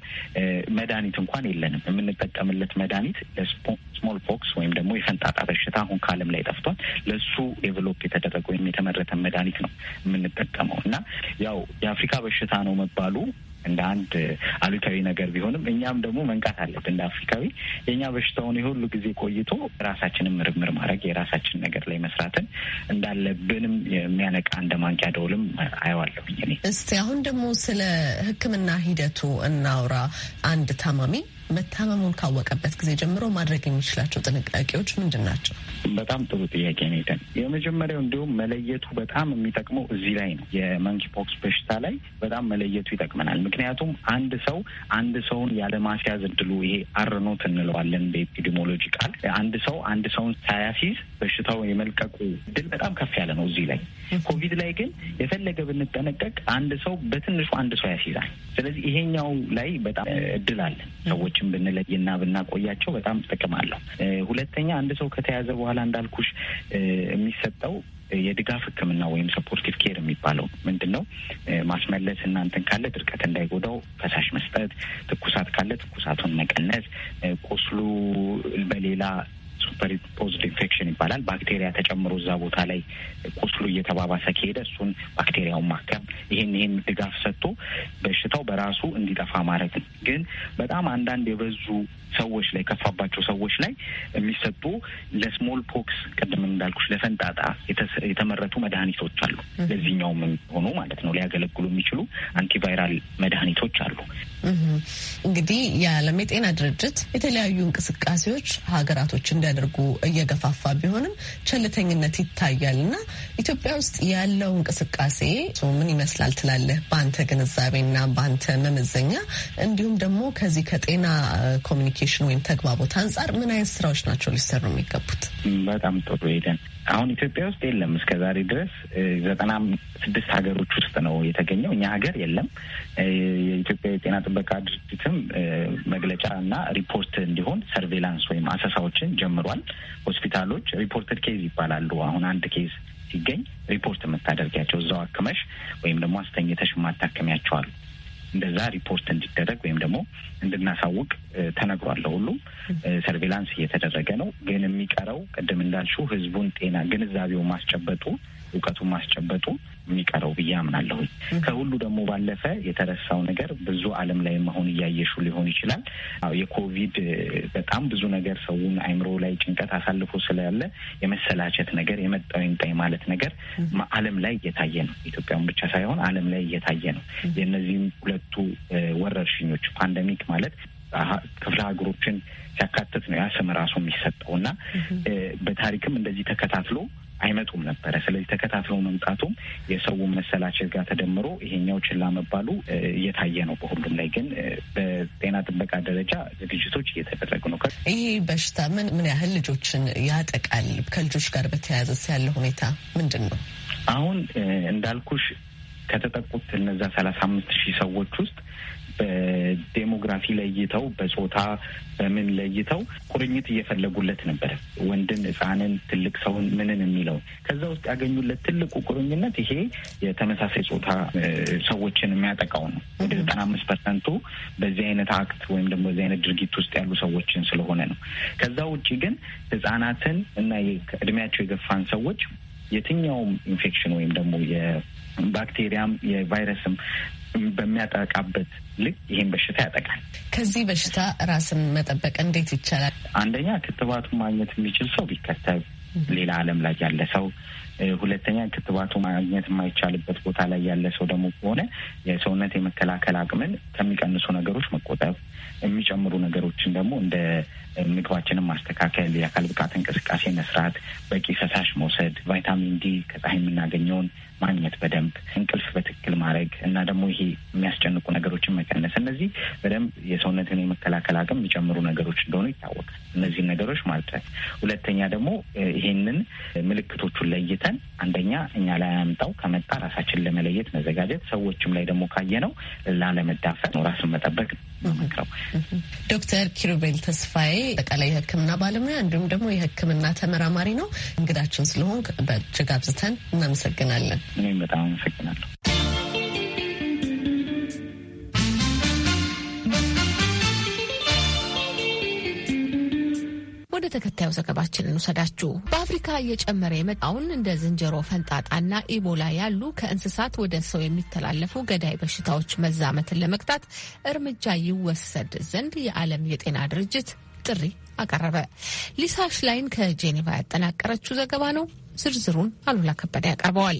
መድኃኒት እንኳን የለንም። የምንጠቀምለት መድኃኒት ለስሞል ፖክስ ወይም ደግሞ የፈንጣጣ በሽታ አሁን ከዓለም ላይ ጠፍቷል። ለሱ ዴቨሎፕ የተደረገ ወይም የተመረተ መድኃኒት ነው የምንጠቀመው እና ያው የአፍሪካ በሽታ ነው መባሉ እንደ አንድ አሉታዊ ነገር ቢሆንም እኛም ደግሞ መንቃት አለብን። እንደ አፍሪካዊ የእኛ በሽታውን የሁሉ ጊዜ ቆይቶ ራሳችንን ምርምር ማድረግ የራሳችን ነገር ላይ መስራትን እንዳለብንም የሚያነቃ እንደ ማንቂያ ደውልም አየዋለሁኝ እኔ። እስቲ አሁን ደግሞ ስለ ሕክምና ሂደቱ እናውራ። አንድ ታማሚ መታመሙን ካወቀበት ጊዜ ጀምሮ ማድረግ የሚችላቸው ጥንቃቄዎች ምንድን ናቸው? በጣም ጥሩ ጥያቄ ነው የመጀመሪያው እንዲሁም መለየቱ በጣም የሚጠቅመው እዚህ ላይ ነው። የመንኪ ፖክስ በሽታ ላይ በጣም መለየቱ ይጠቅመናል። ምክንያቱም አንድ ሰው አንድ ሰውን ያለማስያዝ እድሉ ይሄ አርኖት እንለዋለን በኤፒዲሞሎጂ ቃል አንድ ሰው አንድ ሰውን ሳያሲዝ በሽታው የመልቀቁ እድል በጣም ከፍ ያለ ነው እዚህ ላይ። ኮቪድ ላይ ግን የፈለገ ብንጠነቀቅ አንድ ሰው በትንሹ አንድ ሰው ያስይዛል። ስለዚህ ይሄኛው ላይ በጣም እድል አለን ሰዎች ሰዎችን ብንለይና ብናቆያቸው በጣም ጥቅም አለው። ሁለተኛ አንድ ሰው ከተያዘ በኋላ እንዳልኩሽ የሚሰጠው የድጋፍ ሕክምና ወይም ሰፖርቲቭ ኬር የሚባለው ምንድን ነው? ማስመለስ እና እንትን ካለ ድርቀት እንዳይጎዳው ፈሳሽ መስጠት፣ ትኩሳት ካለ ትኩሳቱን መቀነስ፣ ቁስሉ በሌላ ሱፐር ዲፖዝድ ኢንፌክሽን ይባላል። ባክቴሪያ ተጨምሮ እዛ ቦታ ላይ ቁስሉ እየተባባሰ ከሄደ እሱን ባክቴሪያውን ማከም፣ ይሄን ይሄን ድጋፍ ሰጥቶ በሽታው በራሱ እንዲጠፋ ማለት ነው። ግን በጣም አንዳንድ የበዙ ሰዎች ላይ ከፋባቸው ሰዎች ላይ የሚሰጡ ለስሞል ፖክስ ቅድም እንዳልኩሽ ለፈንጣጣ የተመረቱ መድኃኒቶች አሉ። ለዚህኛውም ሆኑ ማለት ነው ሊያገለግሉ የሚችሉ አንቲቫይራል መድኃኒቶች አሉ። እንግዲህ የዓለም የጤና ድርጅት የተለያዩ እንቅስቃሴዎች ሀገራቶች እንዲያደርጉ እየገፋፋ ቢሆንም ቸልተኝነት ይታያል እና ኢትዮጵያ ውስጥ ያለው እንቅስቃሴ ምን ይመስላል ትላለህ? በአንተ ግንዛቤና በአንተ መመዘኛ እንዲሁም ደግሞ ከዚህ ከጤና ኮሚኒኬ ኮሚኒኬሽን ወይም ተግባቦት አንጻር ምን አይነት ስራዎች ናቸው ሊሰሩ የሚገቡት? በጣም ጥሩ ሄደን አሁን ኢትዮጵያ ውስጥ የለም። እስከ ዛሬ ድረስ ዘጠና ስድስት ሀገሮች ውስጥ ነው የተገኘው። እኛ ሀገር የለም። የኢትዮጵያ የጤና ጥበቃ ድርጅትም መግለጫ እና ሪፖርት እንዲሆን ሰርቬላንስ ወይም አሰሳዎችን ጀምሯል። ሆስፒታሎች ሪፖርትድ ኬዝ ይባላሉ። አሁን አንድ ኬዝ ሲገኝ ሪፖርት የምታደርጊያቸው እዛው አክመሽ ወይም ደግሞ አስተኝተሽ ማታከሚያቸዋል እንደዛ ሪፖርት እንዲደረግ ወይም ደግሞ እንድናሳውቅ ተነግሯል። ለሁሉም ሰርቬላንስ እየተደረገ ነው። ግን የሚቀረው ቅድም እንዳልሹ ህዝቡን ጤና ግንዛቤው ማስጨበጡ፣ እውቀቱን ማስጨበጡ የሚቀረው ብዬ አምናለሁኝ። ከሁሉ ደግሞ ባለፈ የተረሳው ነገር ብዙ ዓለም ላይ መሆን እያየሹ ሊሆን ይችላል። የኮቪድ በጣም ብዙ ነገር ሰውን አይምሮ ላይ ጭንቀት አሳልፎ ስላለ የመሰላቸት ነገር የመጣው ይምጣ ማለት ነገር ዓለም ላይ እየታየ ነው። ኢትዮጵያን ብቻ ሳይሆን ዓለም ላይ እየታየ ነው። የእነዚህም ሁለቱ ወረርሽኞች ፓንደሚክ ማለት ክፍለ ሀገሮችን ሲያካትት ነው ያ ስም ራሱ የሚሰጠው እና በታሪክም እንደዚህ ተከታትሎ አይመጡም ነበረ። ስለዚህ ተከታትለው መምጣቱም የሰው መሰላቸት ጋር ተደምሮ ይሄኛው ችላ መባሉ እየታየ ነው። በሁሉም ላይ ግን በጤና ጥበቃ ደረጃ ዝግጅቶች እየተደረጉ ነው። ይሄ በሽታ ምን ምን ያህል ልጆችን ያጠቃል? ከልጆች ጋር በተያያዘ ያለ ሁኔታ ምንድን ነው? አሁን እንዳልኩሽ ከተጠቁት እነዛ ሰላሳ አምስት ሺህ ሰዎች ውስጥ በዴሞግራፊ ለይተው በጾታ በምን ለይተው ቁርኝት እየፈለጉለት ነበር። ወንድን፣ ህፃንን፣ ትልቅ ሰውን ምንን የሚለው ከዛ ውስጥ ያገኙለት ትልቁ ቁርኝነት ይሄ የተመሳሳይ ጾታ ሰዎችን የሚያጠቃው ነው። ወደ ዘጠና አምስት ፐርሰንቱ በዚህ አይነት አክት ወይም ደግሞ በዚህ አይነት ድርጊት ውስጥ ያሉ ሰዎችን ስለሆነ ነው። ከዛ ውጭ ግን ህጻናትን እና እድሜያቸው የገፋን ሰዎች የትኛውም ኢንፌክሽን ወይም ደግሞ ባክቴሪያም የቫይረስም በሚያጠቃበት ልክ ይህን በሽታ ያጠቃል። ከዚህ በሽታ ራስን መጠበቅ እንዴት ይቻላል? አንደኛ ክትባቱን ማግኘት የሚችል ሰው ቢከተብ ሌላ ዓለም ላይ ያለ ሰው ሁለተኛ ክትባቱ ማግኘት የማይቻልበት ቦታ ላይ ያለ ሰው ደግሞ ከሆነ የሰውነት የመከላከል አቅምን ከሚቀንሱ ነገሮች መቆጠብ፣ የሚጨምሩ ነገሮችን ደግሞ እንደ ምግባችንን ማስተካከል፣ የአካል ብቃት እንቅስቃሴ መስራት፣ በቂ ፈሳሽ መውሰድ፣ ቫይታሚን ዲ ከፀሐይ የምናገኘውን ማግኘት በደንብ እንቅልፍ በትክክል ማድረግ እና ደግሞ ይሄ የሚያስጨንቁ ነገሮችን መቀነስ፣ እነዚህ በደንብ የሰውነትን የመከላከል አቅም የሚጨምሩ ነገሮች እንደሆኑ ይታወቃል። እነዚህን ነገሮች ማድረግ። ሁለተኛ ደግሞ ይሄንን ምልክቶቹን ለይተን አንደኛ እኛ ላይ አያምጣው፣ ከመጣ ራሳችን ለመለየት መዘጋጀት፣ ሰዎችም ላይ ደግሞ ካየነው ላለመዳፈር ነው ራስን መጠበቅ ነው መክረው ዶክተር ኪሩቤል ተስፋዬ አጠቃላይ የሕክምና ባለሙያ እንዲሁም ደግሞ የሕክምና ተመራማሪ ነው። እንግዳችን ስለሆን በእጅግ አብዝተን እናመሰግናለን። እኔም በጣም አመሰግናለሁ። ወደ ተከታዩ ዘገባችን እንውሰዳችሁ። በአፍሪካ እየጨመረ የመጣውን እንደ ዝንጀሮ ፈንጣጣና ኢቦላ ያሉ ከእንስሳት ወደ ሰው የሚተላለፉ ገዳይ በሽታዎች መዛመትን ለመግታት እርምጃ ይወሰድ ዘንድ የዓለም የጤና ድርጅት ጥሪ አቀረበ። ሊሳ ሽላይን ከጄኔቫ ያጠናቀረችው ዘገባ ነው። ዝርዝሩን አሉላ ከበደ ያቀርበዋል።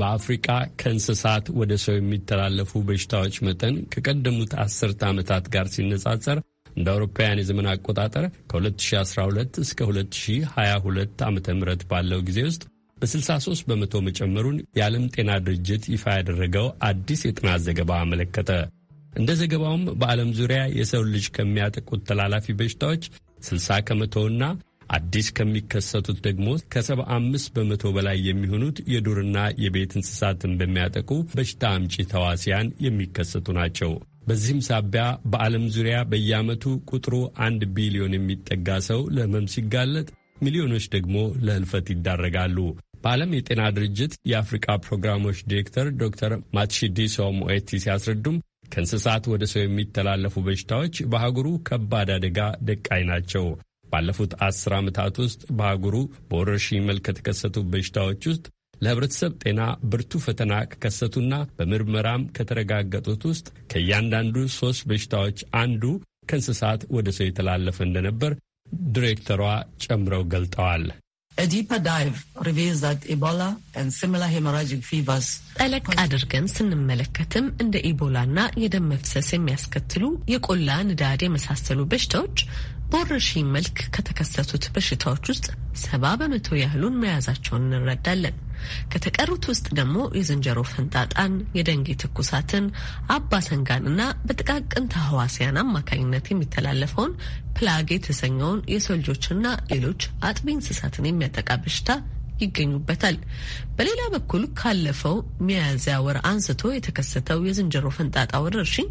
በአፍሪቃ ከእንስሳት ወደ ሰው የሚተላለፉ በሽታዎች መጠን ከቀደሙት አስርተ ዓመታት ጋር ሲነጻጸር እንደ አውሮፓውያን የዘመን አቆጣጠር ከ2012 እስከ 2022 ዓ ም ባለው ጊዜ ውስጥ በ63 በመቶ መጨመሩን የዓለም ጤና ድርጅት ይፋ ያደረገው አዲስ የጥናት ዘገባ አመለከተ። እንደ ዘገባውም በዓለም ዙሪያ የሰው ልጅ ከሚያጠቁት ተላላፊ በሽታዎች 60 ከመቶና አዲስ ከሚከሰቱት ደግሞ ከ75 በመቶ በላይ የሚሆኑት የዱርና የቤት እንስሳትን በሚያጠቁ በሽታ አምጪ ተዋሲያን የሚከሰቱ ናቸው። በዚህም ሳቢያ በዓለም ዙሪያ በየዓመቱ ቁጥሩ አንድ ቢሊዮን የሚጠጋ ሰው ለሕመም ሲጋለጥ፣ ሚሊዮኖች ደግሞ ለህልፈት ይዳረጋሉ። በዓለም የጤና ድርጅት የአፍሪቃ ፕሮግራሞች ዲሬክተር ዶክተር ማትሺዲሶ ሞኤቲ ሲያስረዱም ከእንስሳት ወደ ሰው የሚተላለፉ በሽታዎች በአህጉሩ ከባድ አደጋ ደቃይ ናቸው። ባለፉት አስር ዓመታት ውስጥ በአህጉሩ በወረርሽኝ መልክ ከተከሰቱ በሽታዎች ውስጥ ለህብረተሰብ ጤና ብርቱ ፈተና ከከሰቱና በምርመራም ከተረጋገጡት ውስጥ ከእያንዳንዱ ሦስት በሽታዎች አንዱ ከእንስሳት ወደ ሰው የተላለፈ እንደነበር ዲሬክተሯ ጨምረው ገልጠዋል። ጠለቅ አድርገን ስንመለከትም እንደ ኢቦላና የደም መፍሰስ የሚያስከትሉ የቆላ ንዳድ የመሳሰሉ በሽታዎች በወረርሽኝ መልክ ከተከሰቱት በሽታዎች ውስጥ ሰባ በመቶ ያህሉን መያዛቸውን እንረዳለን። ከተቀሩት ውስጥ ደግሞ የዝንጀሮ ፈንጣጣን፣ የደንጌ ትኩሳትን፣ አባሰንጋን እና በጥቃቅን ተህዋሲያን አማካኝነት የሚተላለፈውን ፕላግ የተሰኘውን የሰው ልጆችና ሌሎች አጥቢ እንስሳትን የሚያጠቃ በሽታ ይገኙበታል። በሌላ በኩል ካለፈው ሚያዝያ ወር አንስቶ የተከሰተው የዝንጀሮ ፈንጣጣ ወረርሽኝ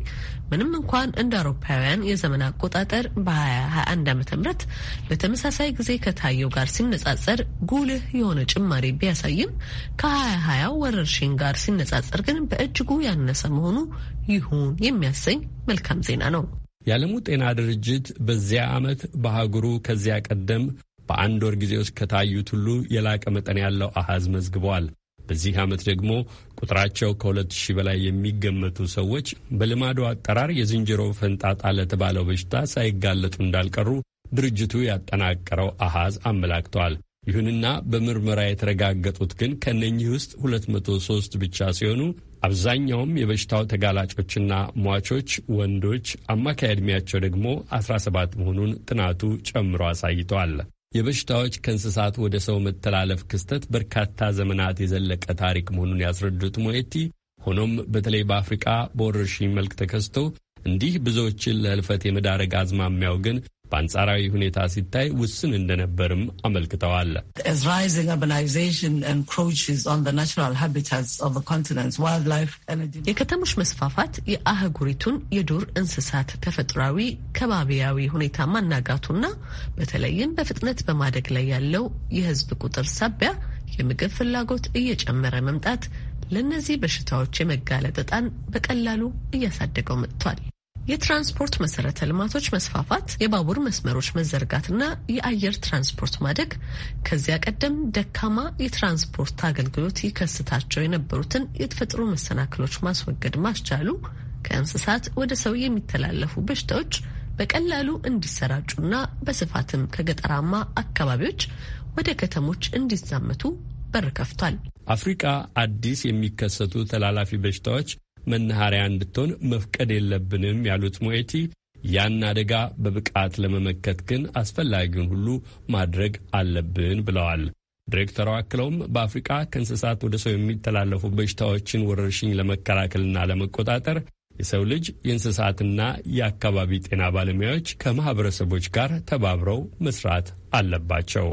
ምንም እንኳን እንደ አውሮፓውያን የዘመን አቆጣጠር በ2021 ዓ ም በተመሳሳይ ጊዜ ከታየው ጋር ሲነጻጸር ጉልህ የሆነ ጭማሪ ቢያሳይም ከ2020 ወረርሽኝ ጋር ሲነጻጸር ግን በእጅጉ ያነሰ መሆኑ ይሁን የሚያሰኝ መልካም ዜና ነው። የዓለሙ ጤና ድርጅት በዚያ ዓመት በአህጉሩ ከዚያ ቀደም በአንድ ወር ጊዜ ውስጥ ከታዩት ሁሉ የላቀ መጠን ያለው አሃዝ መዝግበዋል። በዚህ ዓመት ደግሞ ቁጥራቸው ከሁለት ሺህ በላይ የሚገመቱ ሰዎች በልማዱ አጠራር የዝንጀሮ ፈንጣጣ ለተባለው በሽታ ሳይጋለጡ እንዳልቀሩ ድርጅቱ ያጠናቀረው አሃዝ አመላክተዋል። ይሁንና በምርመራ የተረጋገጡት ግን ከነኚህ ውስጥ 203 ብቻ ሲሆኑ አብዛኛውም የበሽታው ተጋላጮችና ሟቾች ወንዶች፣ አማካይ ዕድሜያቸው ደግሞ 17 መሆኑን ጥናቱ ጨምሮ አሳይተዋል። የበሽታዎች ከእንስሳት ወደ ሰው መተላለፍ ክስተት በርካታ ዘመናት የዘለቀ ታሪክ መሆኑን ያስረዱት ሞየቲ፣ ሆኖም በተለይ በአፍሪቃ በወረርሽኝ መልክ ተከስቶ እንዲህ ብዙዎችን ለህልፈት የመዳረግ አዝማሚያው ግን በአንጻራዊ ሁኔታ ሲታይ ውስን እንደነበርም አመልክተዋል። የከተሞች መስፋፋት የአህጉሪቱን የዱር እንስሳት ተፈጥሯዊ ከባቢያዊ ሁኔታ ማናጋቱና በተለይም በፍጥነት በማደግ ላይ ያለው የህዝብ ቁጥር ሳቢያ የምግብ ፍላጎት እየጨመረ መምጣት ለእነዚህ በሽታዎች የመጋለጥ ዕጣን በቀላሉ እያሳደገው መጥቷል። የትራንስፖርት መሰረተ ልማቶች መስፋፋት፣ የባቡር መስመሮች መዘርጋትና የአየር ትራንስፖርት ማደግ ከዚያ ቀደም ደካማ የትራንስፖርት አገልግሎት ይከስታቸው የነበሩትን የተፈጥሮ መሰናክሎች ማስወገድ ማስቻሉ ከእንስሳት ወደ ሰው የሚተላለፉ በሽታዎች በቀላሉ እንዲሰራጩና በስፋትም ከገጠራማ አካባቢዎች ወደ ከተሞች እንዲዛመቱ በር ከፍቷል። አፍሪቃ አዲስ የሚከሰቱ ተላላፊ በሽታዎች መናኸሪያ እንድትሆን መፍቀድ የለብንም ያሉት ሞኤቲ ያን አደጋ በብቃት ለመመከት ግን አስፈላጊውን ሁሉ ማድረግ አለብን ብለዋል። ዲሬክተሯ አክለውም በአፍሪቃ ከእንስሳት ወደ ሰው የሚተላለፉ በሽታዎችን ወረርሽኝ ለመከላከልና ለመቆጣጠር የሰው ልጅ የእንስሳትና የአካባቢ ጤና ባለሙያዎች ከማኅበረሰቦች ጋር ተባብረው መስራት አለባቸው።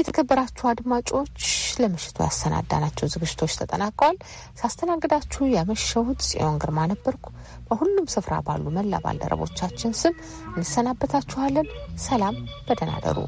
የተከበራችሁ አድማጮች ለምሽቱ ያሰናዳናቸው ዝግጅቶች ተጠናቀዋል። ሳስተናግዳችሁ ያመሸሁት ጽዮን ግርማ ነበርኩ። በሁሉም ስፍራ ባሉ መላ ባልደረቦቻችን ስም እንሰናበታችኋለን። ሰላም፣ በደህና ደሩ።